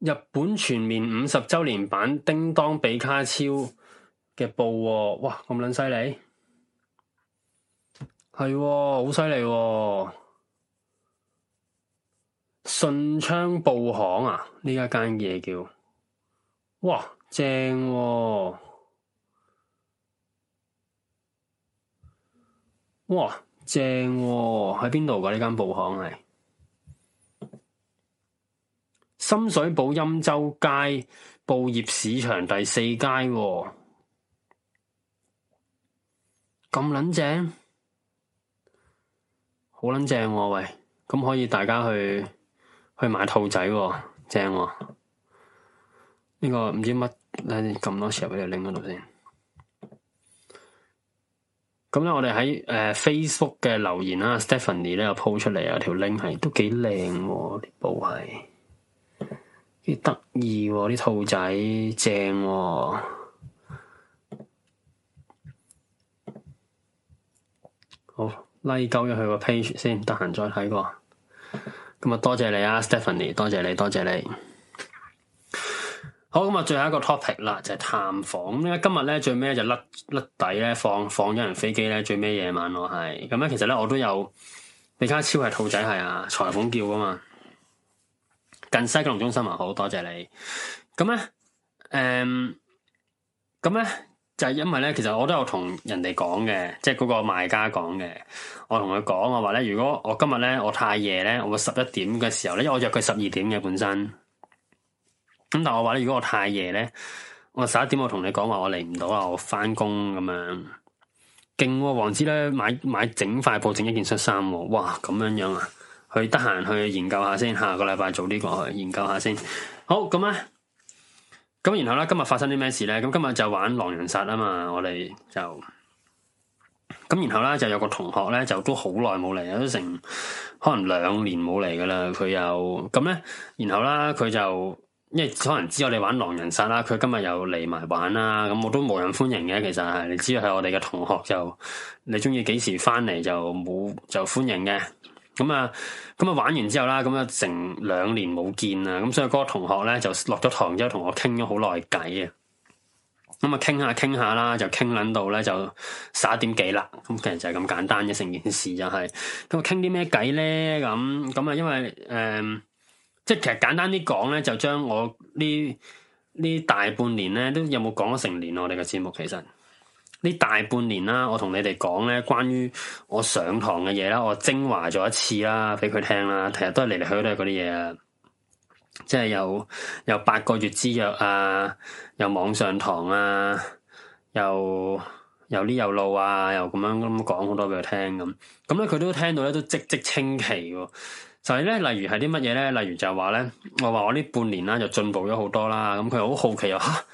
日本全面五十周年版叮當比卡超嘅布，哇，咁撚犀利，係好犀利。順昌布行啊！呢一間嘢叫，哇正喎，哇正喎，喺邊度噶呢間布行係？深水埗欽州街布業市場第四街喎，咁撚正，好撚正喎！喂，咁可以大家去。去買兔仔喎，正喎。呢個唔知乜，咁多時候畀你拎嗰度先。咁咧，我哋喺誒 Facebook 嘅留言啦，Stephanie 咧又 po 出嚟啊。條 link 係都幾靚喎啲布係幾得意喎啲兔仔正喎。好拉鳩入佢個 page 先，得閒再睇過。咁啊，多謝你啊，Stephanie，多謝你，多謝你。好，咁啊、就是，最後一個 topic 啦，就係探訪。咧，今日咧最尾就甩甩底咧，放放咗人飛機咧，最尾夜晚咯，係。咁咧，其實咧我都有，你家超係兔仔係啊，裁縫叫噶嘛。近西九龍中心啊，好多謝你。咁咧，誒、嗯，咁咧。就係因為咧，其實我都有同人哋講嘅，即係嗰個賣家講嘅，我同佢講，我話咧，如果我今日咧我太夜咧，我十一點嘅時候咧，因為我約佢十二點嘅本身。咁但係我話咧，如果我太夜咧，我十一點我同你講話，我嚟唔到啊，我翻工咁樣。勁喎，王子咧買買整塊布整一件恤衫喎，哇咁樣樣啊，去得閒去研究下先，下個禮拜早啲過去研究下先。好咁啊。咁然後咧，今日發生啲咩事咧？咁今日就玩狼人殺啊嘛，我哋就咁然後咧，就有個同學咧，就都好耐冇嚟，都成，可能兩年冇嚟噶啦。佢又，咁咧，然後啦，佢就因為可能知我哋玩狼人殺啦，佢今日又嚟埋玩啦。咁我都冇人歡迎嘅，其實係，你知道係我哋嘅同學就，你中意幾時翻嚟就冇就歡迎嘅。咁啊，咁啊玩完之後啦，咁啊成兩年冇見啦，咁所以嗰個同學咧就落咗堂之後同我傾咗好耐偈啊，咁啊傾下傾下啦，就傾撚到咧就十一點幾啦，咁其實就係咁簡單嘅，成件事就係、是，咁啊傾啲咩偈咧？咁咁啊因為誒、呃，即係其實簡單啲講咧，就將我呢呢大半年咧都有冇講咗成年我哋嘅節目其實。呢大半年啦，我同你哋講咧，關於我上堂嘅嘢啦，我精華咗一次啦，俾佢聽啦，其實都係嚟嚟去去都係嗰啲嘢，啊，即係有又八個月之約啊，有網上堂啊，又又呢又路啊，又咁樣咁講好多俾佢聽咁，咁咧佢都聽到咧，都積積清奇喎。就係、是、咧，例如係啲乜嘢咧，例如就係話咧，我話我呢半年啦，就進步咗好多啦，咁佢好好奇啊。吓。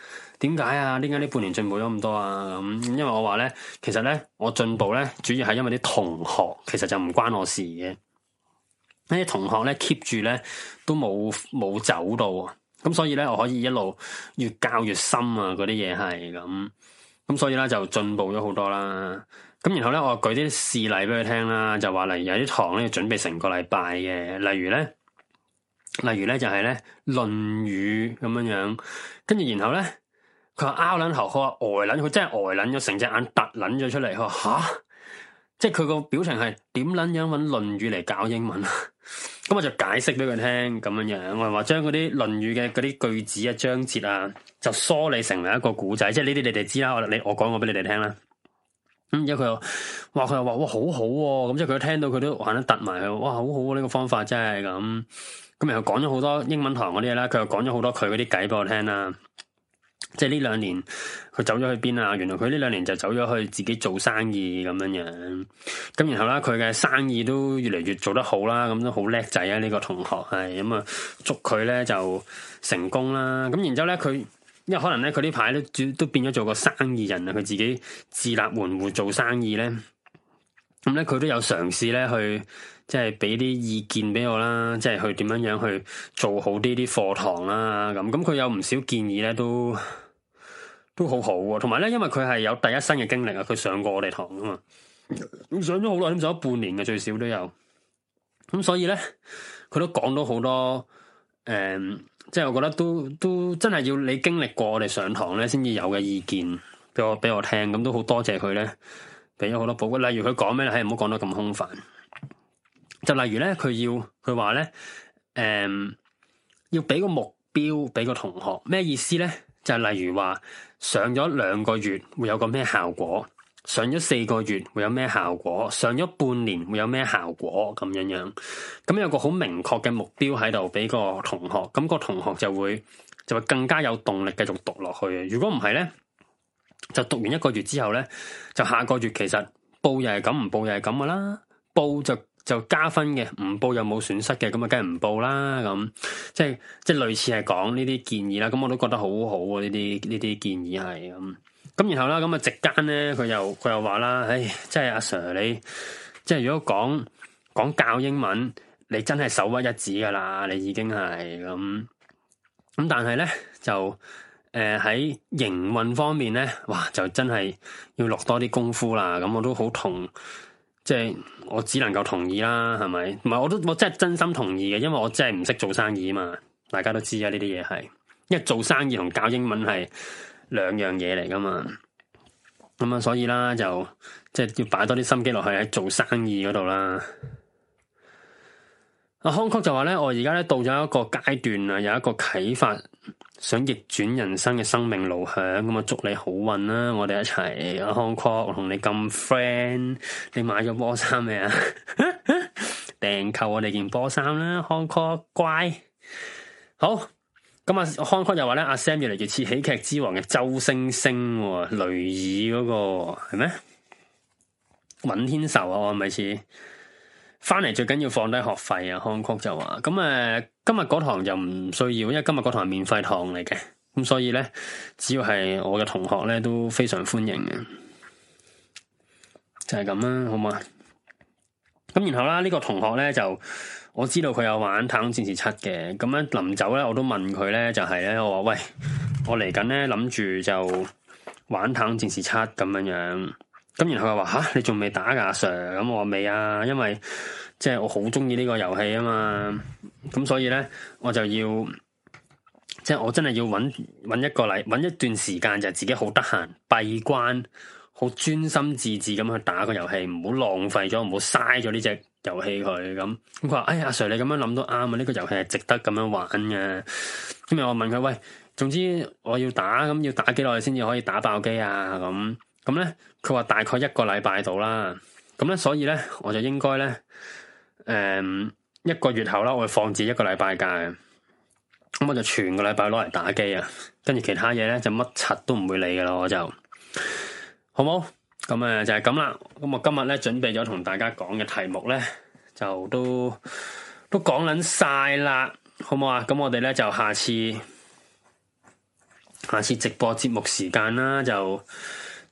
點解啊？點解呢半年進步咗咁多啊？咁、嗯、因為我話咧，其實咧我進步咧，主要係因為啲同學，其實就唔關我事嘅。呢啲同學咧 keep 住咧都冇冇走到，咁所以咧我可以一路越教越深啊！嗰啲嘢係咁，咁所以咧就進步咗好多啦。咁然後咧，我舉啲事例俾佢聽啦，就話例如有啲堂咧準備成個禮拜嘅，例如咧，例如咧就係、是、咧《論語》咁樣樣，跟住然後咧。佢拗卵頭，佢話呆卵，佢真係呆卵咗，成隻眼突卵咗出嚟。佢話吓，即係佢個表情係點卵樣揾《論語》嚟教英文。咁 我就解釋俾佢聽，咁樣樣我係話將嗰啲《論語》嘅嗰啲句子啊、章節啊，就梳理成為一個古仔。即係呢啲你哋知啦，我你我講過俾你哋聽啦。咁然後佢話，佢又話哇好好、啊，咁即係佢聽到佢都玩得突埋佢，哇好好、啊，呢、這個方法真係咁。咁然後講咗好多英文堂嗰啲嘢啦，佢又講咗好多佢嗰啲偈俾我聽啦。即係呢兩年佢走咗去邊啊？原來佢呢兩年就走咗去自己做生意咁樣樣，咁然後啦佢嘅生意都越嚟越做得好啦，咁都好叻仔啊！呢個同學係咁啊，祝佢咧就成功啦！咁然之後咧佢，因為可能咧佢呢排都咧都變咗做個生意人啊，佢自己自立門戶做生意咧，咁咧佢都有嘗試咧去。即係俾啲意見俾我啦，即係去點樣樣去做好呢啲課堂啦咁。咁佢有唔少建議咧，都都好好啊嘅。同埋咧，因為佢係有第一身嘅經歷啊，佢上過我哋堂啊嘛。上咗好耐，上咗半年嘅最少都有。咁所以咧，佢都講咗好多。誒、嗯，即係我覺得都都真係要你經歷過我哋上堂咧，先至有嘅意見俾我俾我聽。咁都好多謝佢咧，俾咗好多寶貴。例如佢講咩咧，係唔好講得咁空泛。就例如咧，佢要佢話咧，誒、嗯，要俾個目標俾個同學，咩意思咧？就係、是、例如話上咗兩個月會有個咩效果，上咗四個月會有咩效果，上咗半年會有咩效果咁樣樣，咁有個好明確嘅目標喺度俾個同學，咁，那個同學就會就會更加有動力繼續讀落去。如果唔係咧，就讀完一個月之後咧，就下個月其實報又係咁，唔報又係咁噶啦，報就。就加分嘅，唔報又冇損失嘅，咁啊，梗係唔報啦。咁即係即係類似係講呢啲建議啦。咁我都覺得好好啊，呢啲呢啲建議係咁。咁然後啦，咁啊，席間咧，佢又佢又話啦，唉、欸，即係阿、啊、Sir 你，即係如果講講教英文，你真係首屈一指噶啦，你已經係咁。咁但係咧，就誒喺營運方面咧，哇，就真係要落多啲功夫啦。咁我都好痛，即係。我只能夠同意啦，係咪？唔係，我都我真係真心同意嘅，因為我真係唔識做生意啊嘛，大家都知啊，呢啲嘢係，因為做生意同教英文係兩樣嘢嚟噶嘛，咁、嗯、啊，所以啦，就即係要擺多啲心機落去喺做生意嗰度啦。阿康曲就話咧，我而家咧到咗一個階段啦，有一個啟發。想逆轉人生嘅生命路向，咁啊祝你好運啦！我哋一齊，康擴我同你咁 friend，你買咗波衫未啊？訂 購我哋件波衫啦，康擴乖，好，咁啊康擴又話咧，阿 Sam 越嚟越似喜劇之王嘅周星星，雷耳嗰、那個係咩？尹天仇啊，我係咪似？翻嚟最緊要放低學費啊！康曲就話咁誒，今日嗰堂就唔需要，因為今日嗰堂係免費堂嚟嘅，咁所以咧，只要係我嘅同學咧都非常歡迎嘅，就係咁啦，好嘛？咁然後啦，呢個同學咧就我知道佢有玩《坦克戰士七》嘅，咁樣臨走咧，我都問佢咧，就係咧，我話喂，我嚟緊咧諗住就玩《坦克戰士七》咁樣樣。咁然後佢話吓，你仲未打噶，阿 Sir？咁我未啊，因為即係我好中意呢個遊戲啊嘛。咁所以咧，我就要即係我真係要揾揾一個禮，揾一段時間就自己好得閒，閉關，好專心致志咁去打個遊戲，唔好浪費咗，唔好嘥咗呢隻遊戲佢咁。咁佢話，哎呀，阿 Sir，你咁樣諗都啱啊，呢個遊戲係值得咁樣玩嘅。咁然後我問佢，喂，總之我要打，咁要打幾耐先至可以打爆機啊？咁。咁咧，佢話大概一個禮拜到啦。咁咧，所以咧，我就應該咧，誒、嗯，一個月後啦，我會放置一個禮拜假。咁我就全個禮拜攞嚟打機啊，跟住其他嘢咧就乜柒都唔會理噶啦，我就，好冇？咁誒就係咁啦。咁我今日咧準備咗同大家講嘅題目咧，就都都講捻晒啦，好冇啊？咁我哋咧就下次，下次直播節目時間啦，就。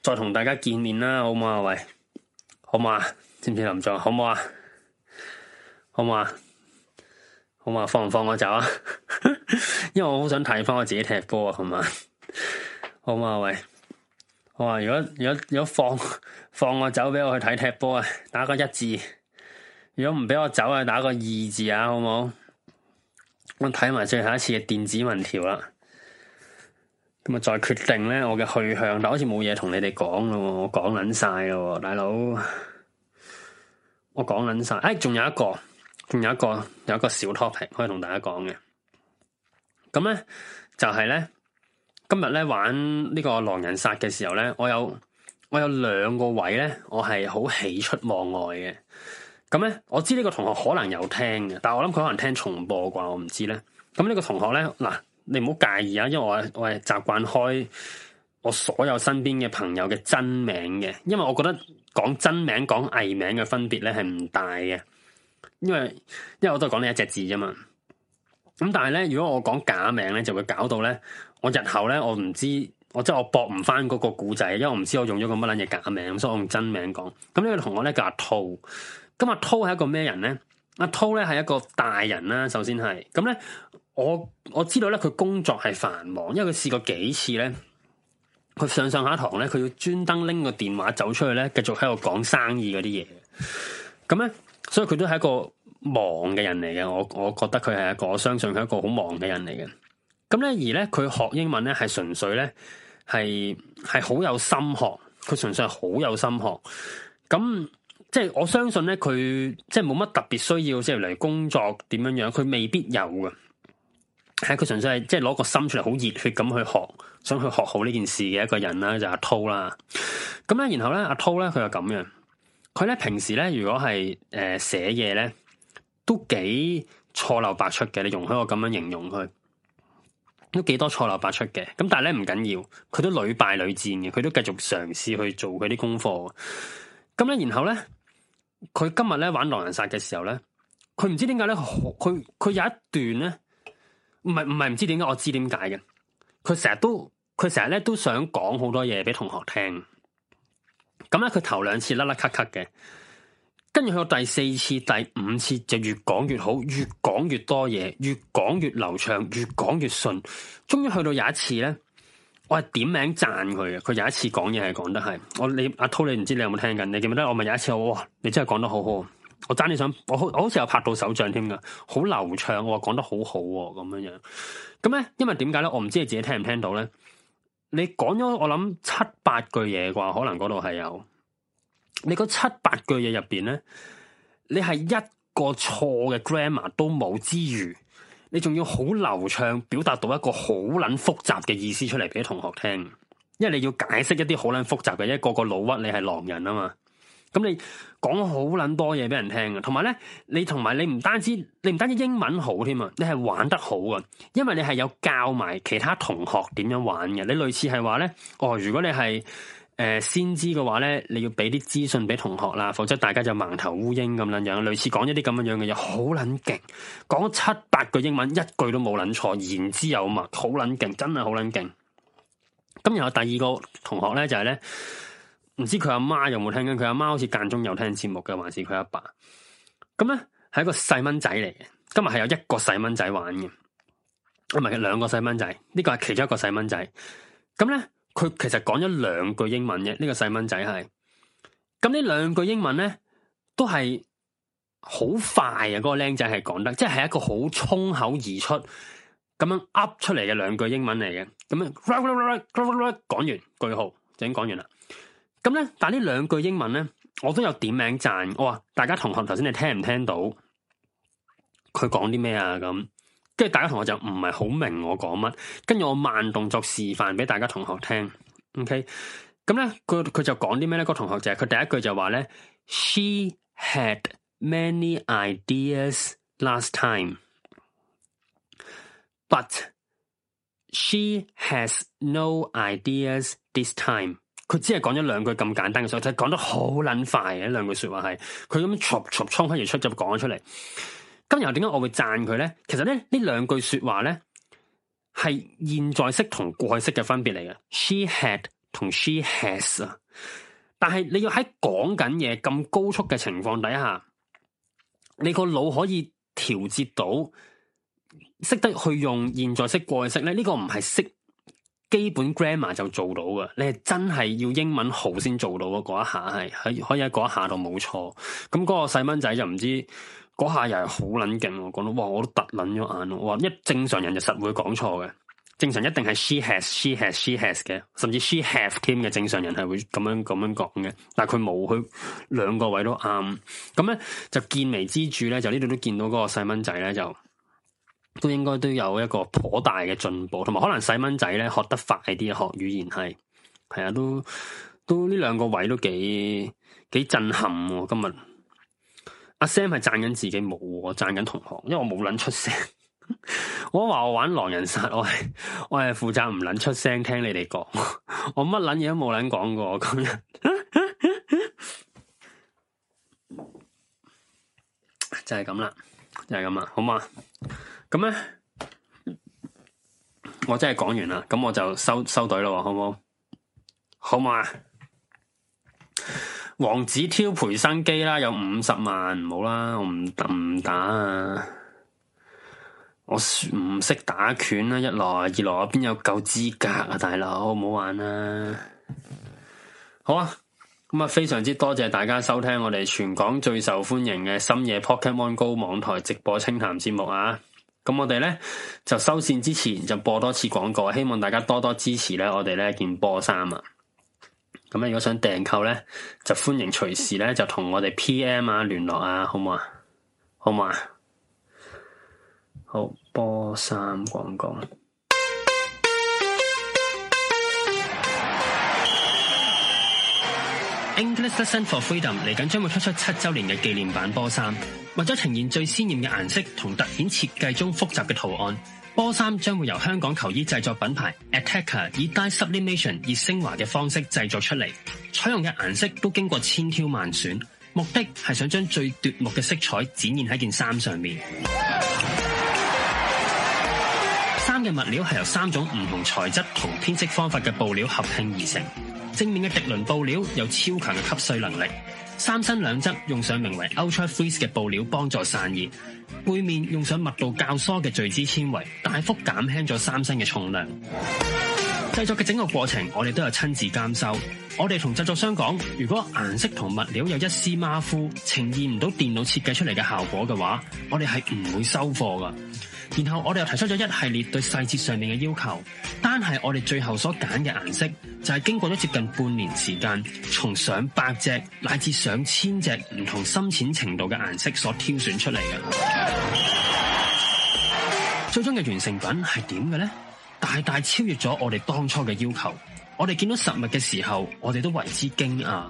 再同大家見面啦，好嘛，喂，好嘛，聽唔聽林狀，好唔好啊？好唔好啊？好嘛，放唔放我走啊？因為我好想睇翻我自己踢波啊，好嘛？好嘛，喂，好啊，如果如果如果放放我走俾我去睇踢波啊，打個一字；如果唔俾我走啊，打個二字啊，好唔好？我睇埋最後一次嘅電子民調啦。咁啊，再決定咧我嘅去向，但好似冇嘢同你哋講咯，我講捻晒咯，大佬，我講捻晒。哎，仲有一個，仲有一個，有一個小 topic 可以同大家講嘅。咁咧就係咧，今日咧玩呢個狼人殺嘅時候咧，我有我有兩個位咧，我係好喜出望外嘅。咁咧，我知呢個同學可能有聽嘅，但係我諗佢可能聽重播啩，我唔知咧。咁呢個同學咧嗱。你唔好介意啊，因為我我係習慣開我所有身邊嘅朋友嘅真名嘅，因為我覺得講真名講偽名嘅分別咧係唔大嘅，因為因為我都係講你一隻字啫嘛。咁但係咧，如果我講假名咧，就會搞到咧，我日後咧，我唔知，我即係我駁唔翻嗰個古仔，因為我唔知我用咗個乜撚嘢假名，所以我用真名講。咁呢個同學咧叫阿濤，咁阿濤係一個咩人咧？阿濤咧係一個大人啦，首先係，咁咧。我我知道咧，佢工作係繁忙，因為佢試過幾次咧，佢上上下堂咧，佢要專登拎個電話走出去咧，繼續喺度講生意嗰啲嘢。咁咧，所以佢都係一個忙嘅人嚟嘅。我我覺得佢係一個，我相信佢係一個好忙嘅人嚟嘅。咁咧，而咧佢學英文咧係純粹咧，係係好有心學，佢純粹係好有心學。咁即係我相信咧，佢即係冇乜特別需要，即係嚟工作點樣樣，佢未必有嘅。係佢純粹係即係攞個心出嚟，好熱血咁去學，想去學好呢件事嘅一個人啦，就係阿濤啦。咁咧，然後咧，阿濤咧，佢又咁樣。佢咧平時咧，如果係誒、呃、寫嘢咧，都幾錯漏百出嘅。你容許我咁樣形容佢，都幾多錯漏百出嘅。咁但係咧唔緊要，佢都屢敗屢戰嘅，佢都繼續嘗試去做佢啲功課。咁咧，然後咧，佢今日咧玩狼人殺嘅時候咧，佢唔知點解咧，佢佢有一段咧。唔係唔係唔知點解，我知點解嘅。佢成日都，佢成日咧都想講好多嘢俾同學聽。咁咧，佢頭兩次甩甩咳咳嘅，跟住去到第四次、第五次就越講越好，越講越多嘢，越講越流暢，越講越順。終於去到有一次咧，我係點名讚佢嘅。佢有一次講嘢係講得係，我你阿濤你唔知你有冇聽緊？你記唔記得？我咪有一次，我話哇你真係講得好好。我爭你想，我好我好似有拍到手掌添噶，好流暢，我話講得好好、啊、咁樣樣。咁咧，因為點解咧？我唔知你自己聽唔聽到咧。你講咗我諗七八句嘢啩，可能嗰度係有。你嗰七八句嘢入邊咧，你係一個錯嘅 grammar 都冇之餘，你仲要好流暢表達到一個好撚複雜嘅意思出嚟俾同學聽，因為你要解釋一啲好撚複雜嘅，一個個老屈你係狼人啊嘛。咁你講好捻多嘢俾人聽啊！同埋咧，你同埋你唔單止，你唔單止英文好添啊！你係玩得好啊，因為你係有教埋其他同學點樣玩嘅。你類似係話咧，哦，如果你係誒、呃、先知嘅話咧，你要俾啲資訊俾同學啦，否則大家就盲頭烏蠅咁樣樣。類似講一啲咁樣樣嘅嘢，好捻勁，講七八句英文，一句都冇捻錯，言之有物，好捻勁，真係好捻勁。咁然後第二個同學咧就係、是、咧。唔知佢阿媽有冇聽緊？佢阿媽好似間中有聽節目嘅，還是佢阿爸，爸？咁咧係一個細蚊仔嚟嘅，今日係有一個細蚊仔玩嘅，唔係佢兩個細蚊仔。呢、這個係其中一個細蚊仔。咁咧佢其實講咗兩句英文啫。呢、這個細蚊仔係咁呢兩句英文咧，都係好快啊！嗰、那個僆仔係講得，即、就、係、是、一個好衝口而出咁樣噏出嚟嘅兩句英文嚟嘅。咁樣講完，完句號，就已經講完啦。咁咧，但呢兩句英文咧，我都有點名讚。我話大家同學，頭先你聽唔聽到佢講啲咩啊？咁跟住大家同學就唔係好明我講乜。跟住我慢動作示範俾大家同學聽。OK，咁咧佢佢就講啲咩咧？這個同學就係佢第一句就話咧：She had many ideas last time，but she has no ideas this time。佢只係講咗兩句咁簡單嘅說話，就係、是、講得好捻快嘅兩句說話係，佢咁速速衝口而出就講咗出嚟。今日點解我會讚佢咧？其實咧呢兩句說話咧係現在式同過去式嘅分別嚟嘅，she had 同 she has 啊。但係你要喺講緊嘢咁高速嘅情況底下，你個腦可以調節到識得去用現在式過去式咧？呢、這個唔係識。基本 grammar 就做到嘅，你係真係要英文好先做到嘅，嗰一下係喺可以喺嗰一下度冇錯，咁、那、嗰個細蚊仔就唔知嗰下又係好捻勁，講到哇我都突捻咗眼，哇一正常人就實會講錯嘅，正常一定係 she has she has she has 嘅，甚至 she have 添嘅，正常人係會咁樣咁樣講嘅，但係佢冇，佢兩個位都啱，咁咧就見微知著咧，就呢度都見到嗰個細蚊仔咧就。都應該都有一個頗大嘅進步，同埋可能細蚊仔咧學得快啲學語言係係啊，都都呢兩個位都幾幾震撼喎。今日阿 Sam 係讚緊自己冇，我讚緊同學，因為我冇捻出聲。 我話我玩狼人殺，我係我係負責唔捻出聲聽你哋講， 我乜捻嘢都冇捻講過，咁 就係咁啦。就係咁啊，好嘛？咁咧，我真係講完啦，咁我就收收隊咯，好唔好？好嘛？王子挑培生機啦，有五十萬，唔好啦，我唔得唔打啊！我唔識打拳啦，一來二來，邊有夠資格啊，大佬，唔好玩啦，啊，好啊！咁啊，非常之多謝大家收聽我哋全港最受歡迎嘅深夜 Pokemon Go 網台直播清談節目啊！咁我哋咧就收線之前就播多次廣告，希望大家多多支持咧我哋呢件波衫啊！咁啊，如果想訂購咧，就歡迎隨時咧就同我哋 PM 啊聯絡啊，好唔好啊？好唔好啊？好波衫廣告。English Design For Freedom 嚟緊將會推出七周年嘅紀念版波衫，為咗呈現最鮮艷嘅顏色同特顯設計中複雜嘅圖案。波衫將會由香港球衣製作品牌 Attacker 以 Dye sublimation 熱升華嘅方式製作出嚟，採用嘅顏色都經過千挑萬選，目的係想將最奪目嘅色彩展現喺件衫上面。衫嘅 物料係由三種唔同材質同編織方法嘅布料合拼而成。正面嘅滌綸布料有超強嘅吸水能力，衫身兩側用上名為 Ultra Freeze 嘅布料幫助散熱，背面用上密度較疏嘅聚酯纖維，大幅減輕咗衫身嘅重量。製 作嘅整個過程，我哋都有親自監修。我哋同製作商講，如果顏色同物料有一絲馬虎，呈現唔到電腦設計出嚟嘅效果嘅話，我哋係唔會收貨㗎。然後我哋又提出咗一系列對細節上面嘅要求，單係我哋最後所揀嘅顏色，就係、是、經過咗接近半年時間，從上百隻乃至上千隻唔同深淺程度嘅顏色所挑選出嚟嘅。 最終嘅完成品係點嘅呢？大大超越咗我哋當初嘅要求。我哋見到實物嘅時候，我哋都為之驚訝。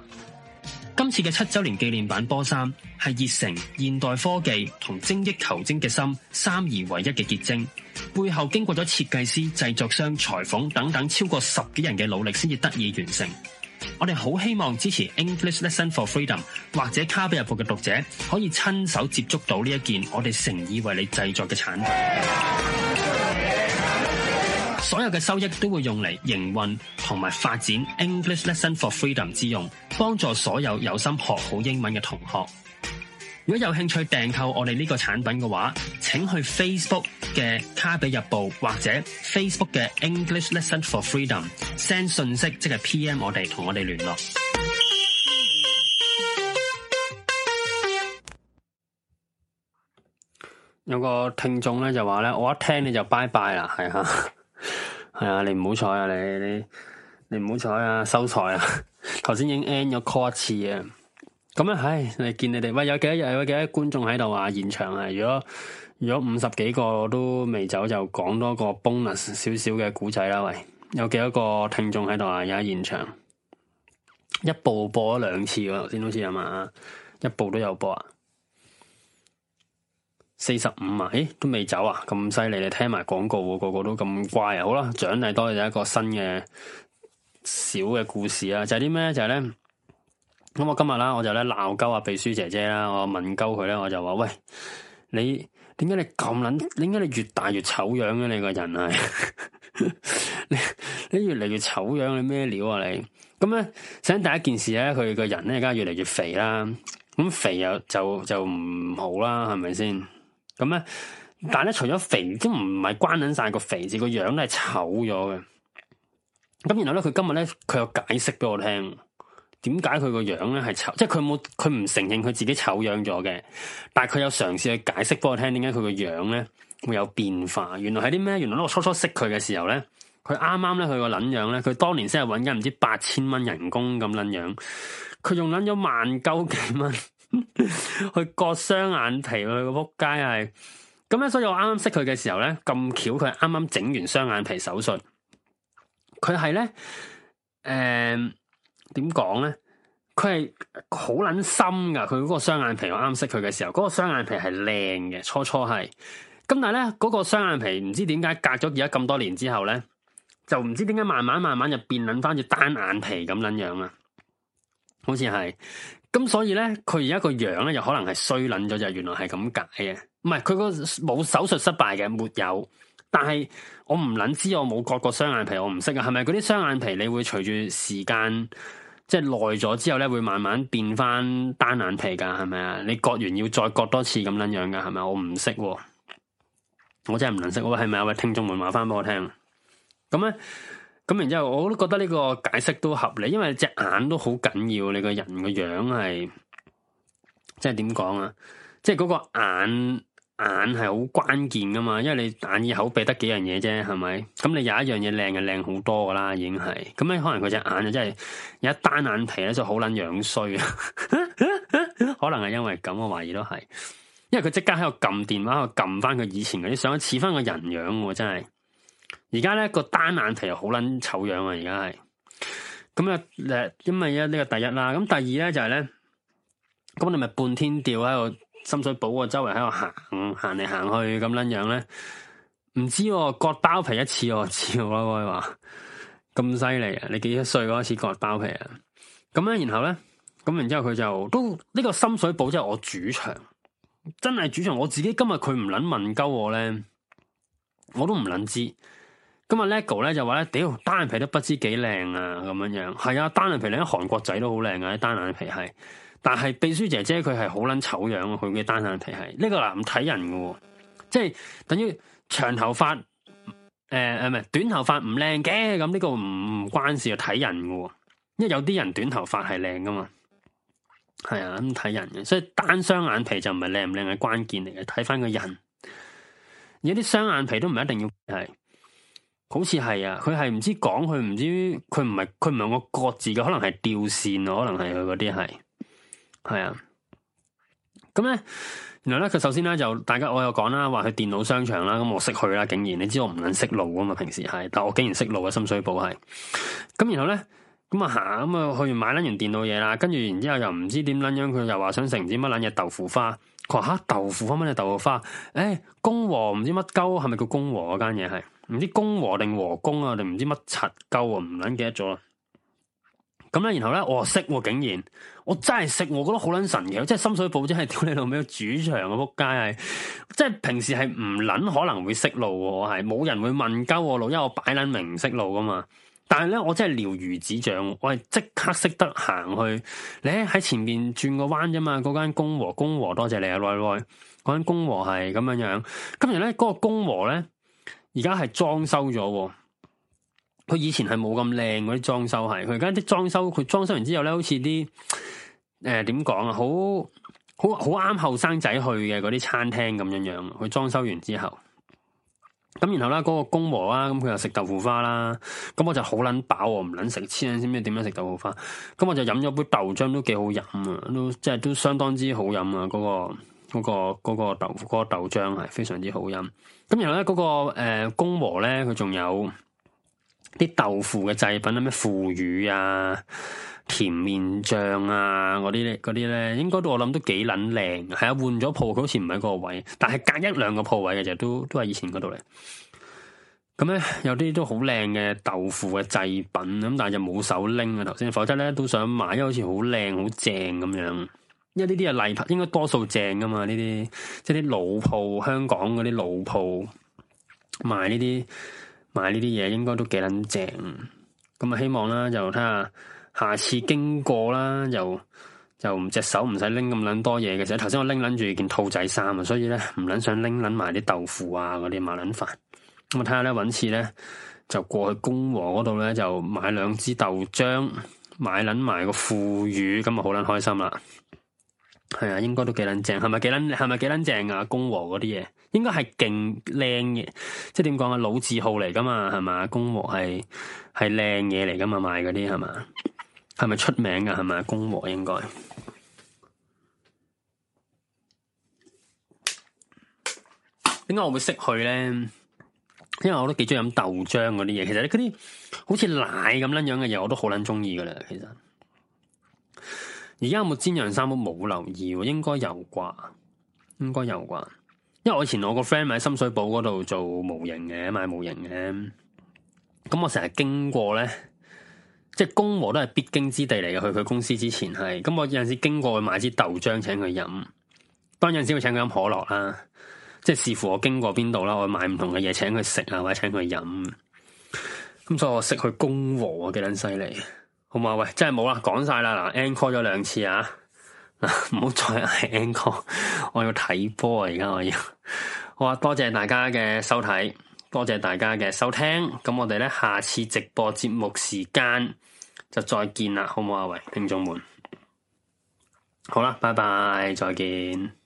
今次嘅七周年紀念版波衫係熱誠、現代科技同精益求精嘅心三而為一嘅結晶，背後經過咗設計師、製作商、裁縫等等超過十幾人嘅努力先至得以完成。我哋好希望支持《English Lesson for Freedom》或者《卡比日報》嘅讀者可以親手接觸到呢一件我哋誠意為你製作嘅產品。Yeah。所有嘅收益都會用嚟營運同埋發展 English Lesson for Freedom 之用，幫助所有有心學好英文嘅同學。如果有興趣訂購我哋呢個產品嘅話，請去 Facebook 嘅卡比日報或者 Facebook 嘅 English Lesson for Freedom send 信息，即係 PM 我哋同我哋聯絡。有個聽眾咧就話咧，我一聽你就拜拜啦，係啊。係啊，你唔好彩啊，你你你唔好彩啊，收財啊！頭 先已經 end 咗 call 一次啊，咁咧，唉，你見你哋喂有幾多日有幾多，有幾多觀眾喺度啊？現場啊，如果如果五十幾個都未走，就講多個 bonus 少少嘅古仔啦。喂，有幾多個聽眾喺度啊？有喺現場，一部播咗兩次喎，頭先好似係嘛？一部都有播啊？四十五啊，誒，都未走啊，咁犀利，你聽埋廣告個個都咁乖啊，好啦，獎勵多嘅，就一個新嘅小嘅故事啊，就係啲咩？就係、是、咧，咁我今日啦，我就咧鬧鳩啊秘書姐姐啦，我問鳩佢咧，我就話喂，你點解你咁捻？點解你越大越醜樣嘅你個人 你你越越你啊？你你越嚟越醜樣，你咩料啊？你咁咧，首先第一件事咧，佢個人咧而家越嚟越肥啦，咁肥又就就唔好啦、啊，係咪先？咁咧，但係咧，除咗肥，都唔係關捻晒個肥字，個樣咧係醜咗嘅。咁然後咧，佢今日咧，佢有解釋俾我聽，點解佢個樣咧係醜，即係佢冇，佢唔承認佢自己醜樣咗嘅。但係佢有嘗試去解釋俾我聽，點解佢個樣咧會有變化。原來係啲咩？原來我初初識佢嘅時候咧，佢啱啱咧佢個捻樣咧，佢當年先係搵緊唔知八千蚊人工咁捻樣，佢仲捻咗萬鳩幾蚊。去 割雙眼皮，佢個仆街係咁咧，所以我啱啱識佢嘅時候咧，咁巧佢啱啱整完雙眼皮手術，佢係咧，誒、呃，點講咧？佢係好捻深噶，佢嗰個雙眼皮我啱識佢嘅時候，嗰個雙眼皮係靚嘅，初初係，咁但係咧，嗰個雙眼皮唔知點解隔咗而家咁多年之後咧，就唔知點解慢慢慢慢就變捻翻隻單眼皮咁捻樣啦，好似係。咁所以咧，佢而家個樣咧又可能係衰捻咗，就原來係咁解嘅。唔係佢個冇手術失敗嘅，沒有。但係我唔捻知，我冇割過雙眼皮，我唔識噶。係咪嗰啲雙眼皮你會隨住時間即係耐咗之後咧，會慢慢變翻單眼皮噶？係咪啊？你割完要再割多次咁捻樣噶？係咪？我唔識，我真係唔捻識。係咪有位聽眾們話翻俾我聽，咁咧。咁然之後，我都覺得呢個解釋都合理，因為隻眼都好緊要，你個人個樣係，即係點講啊？即係嗰個眼眼係好關鍵噶嘛，因為你眼耳口鼻得幾樣嘢啫，係咪？咁你有一樣嘢靚就靚好多噶啦，已經係。咁你可能佢隻眼就真係有一單眼皮咧，就好捻樣衰啊！ 可能係因為咁，我懷疑都係，因為佢即刻喺度撳電話，喺度撳翻佢以前嗰啲相，似翻個人樣，真係。而家咧個單眼皮又好捻醜樣啊！而家係咁啊，誒，因為一呢個第一啦，咁第二咧就係、是、咧，咁你咪半天吊喺度深水埗個周圍喺度行行嚟行去咁捻樣咧？唔知、啊、割包皮一次似我照啊嘛，咁犀利啊！你幾多歲嗰開始割包皮啊？咁咧，然後咧，咁然之後佢就都呢、這個深水埗即係我主場，真係主場。我自己今日佢唔捻問鳩我咧，我都唔捻知。咁啊，叻哥咧就話咧，屌單眼皮都不知幾靚啊，咁樣樣係啊，單眼皮你喺韓國仔都好靚嘅，單眼皮係。但係秘書姐姐佢係好捻醜樣，佢嘅單眼皮係。呢、呢個男睇人嘅，即係等於長頭髮誒誒唔係短頭髮唔靚嘅，咁呢個唔唔關事，睇人嘅。因為有啲人短頭髮係靚噶嘛，係啊，咁睇人嘅。所以單雙眼皮就唔係靚唔靚嘅關鍵嚟嘅，睇翻個人。有啲雙眼皮都唔係一定要係。好似係啊，佢係唔知講佢唔知，佢唔係佢唔係我國字嘅，可能係吊線，可能係佢嗰啲係，係啊。咁咧，然後咧佢首先咧就，大家我又講啦，話去電腦商場啦，咁我識去啦。竟然，你知我唔捻識路噶嘛，平時係，但我竟然識路啊！深水埗係。咁然後咧，咁、嗯、啊行，咁啊去完買捻完電腦嘢啦，跟住然之後又唔知點捻樣，佢又話想食唔知乜捻嘢豆腐花。佢話吓豆腐花，乜嘢豆腐花？誒、欸，公和唔知乜鳩係咪叫公和嗰間嘢係？唔知公和定和公啊，定唔知乜柒鳩啊，唔捻記得咗。咁咧，然後咧，我識，竟然我真係識，我覺得好捻神奇，即係深水埗真係屌你老味主場啊！仆街係，即係平時係唔捻可能會識路，係冇人會問鳩路，因為我擺捻明唔識路噶嘛。但係咧，我真係了如指掌，我係即刻識得行去。你喺前面轉個彎啫嘛，嗰間公和公和，多謝你啊，來來，嗰間公和係咁樣樣。今日咧，嗰個公和咧。而家係裝修咗，佢以前係冇咁靚嗰啲裝修係，佢而家啲裝修，佢裝修完之後咧，好似啲誒，點講啊，好好好啱後生仔去嘅嗰啲餐廳咁樣樣。佢裝修完之後，咁、呃、然後咧嗰、那個公婆啦，咁佢又食豆腐花啦，咁我就好撚飽，唔撚食，黐撚先咩點樣食豆腐花？咁我就飲咗、啊、杯豆漿都幾好飲啊，都，都即係都相當之好飲啊！嗰、那個嗰、那個嗰、那個那個豆嗰、那個豆漿係非常之好飲。咁然後咧，嗰、那個誒、呃、公和咧，佢仲有啲豆腐嘅製品，咩腐乳啊、甜麵醬啊嗰啲咧，嗰啲咧，應該都我諗都幾撚靚。係啊，換咗鋪，佢好似唔喺個位，但係隔一兩個鋪位嘅就都都係以前嗰度嚟。咁咧，有啲都好靚嘅豆腐嘅製品，咁但係就冇手拎啊頭先，否則咧都想買，因為好似好靚好正咁樣。因為呢啲啊例牌應該多數正噶嘛？呢啲即係啲老鋪，香港嗰啲老鋪賣呢啲，賣呢啲嘢，應該都幾撚正。咁啊，希望啦，就睇下下次經過啦，就就唔隻手唔使拎咁撚多嘢嘅。就頭先我拎撚住件兔仔衫啊，所以咧唔撚想拎撚埋啲豆腐啊嗰啲麻撚飯。咁啊，睇下咧揾，次咧就過去公和嗰度咧就買兩支豆漿，買撚埋個腐乳，咁啊好撚開心啦～係啊， 應該都幾捻正，係咪幾捻係咪幾捻正啊？公和嗰啲嘢，應該係勁靚嘅，即係點講啊？老字號嚟噶嘛，係嘛？公和係係靚嘢嚟噶嘛，賣嗰啲係嘛？係咪出名噶？係咪？公和應該，點解我會識佢咧？因為我都幾中意飲豆漿嗰啲嘢，其實嗰啲好似奶咁樣樣嘅嘢，我都好捻中意噶啦，其實。而家有冇煎釀三寶，冇留意喎，應該有啩，應該有啩，因為我以前我個 friend 喺深水埗嗰度做模型嘅，賣模型嘅。咁我成日經過咧，即係公和都係必經之地嚟嘅，去佢公司之前係，咁我有陣時經過去買支豆漿請佢飲，當有陣時會請佢飲可樂啦。即係視乎我經過邊度啦，我買唔同嘅嘢請佢食啊，或者請佢飲。咁所以我識去公和啊，幾撚犀利。好嘛，喂，真係冇啦，講晒啦，嗱，encore 咗兩次啊，嗱，唔好再係 encore，我要睇波啊，而家我要，好啊，多謝大家嘅收睇，多謝大家嘅收、收聽，咁我哋咧下次直播節目時間就再見啦，好唔好啊？喂，聽眾們，好啦，拜拜，再見。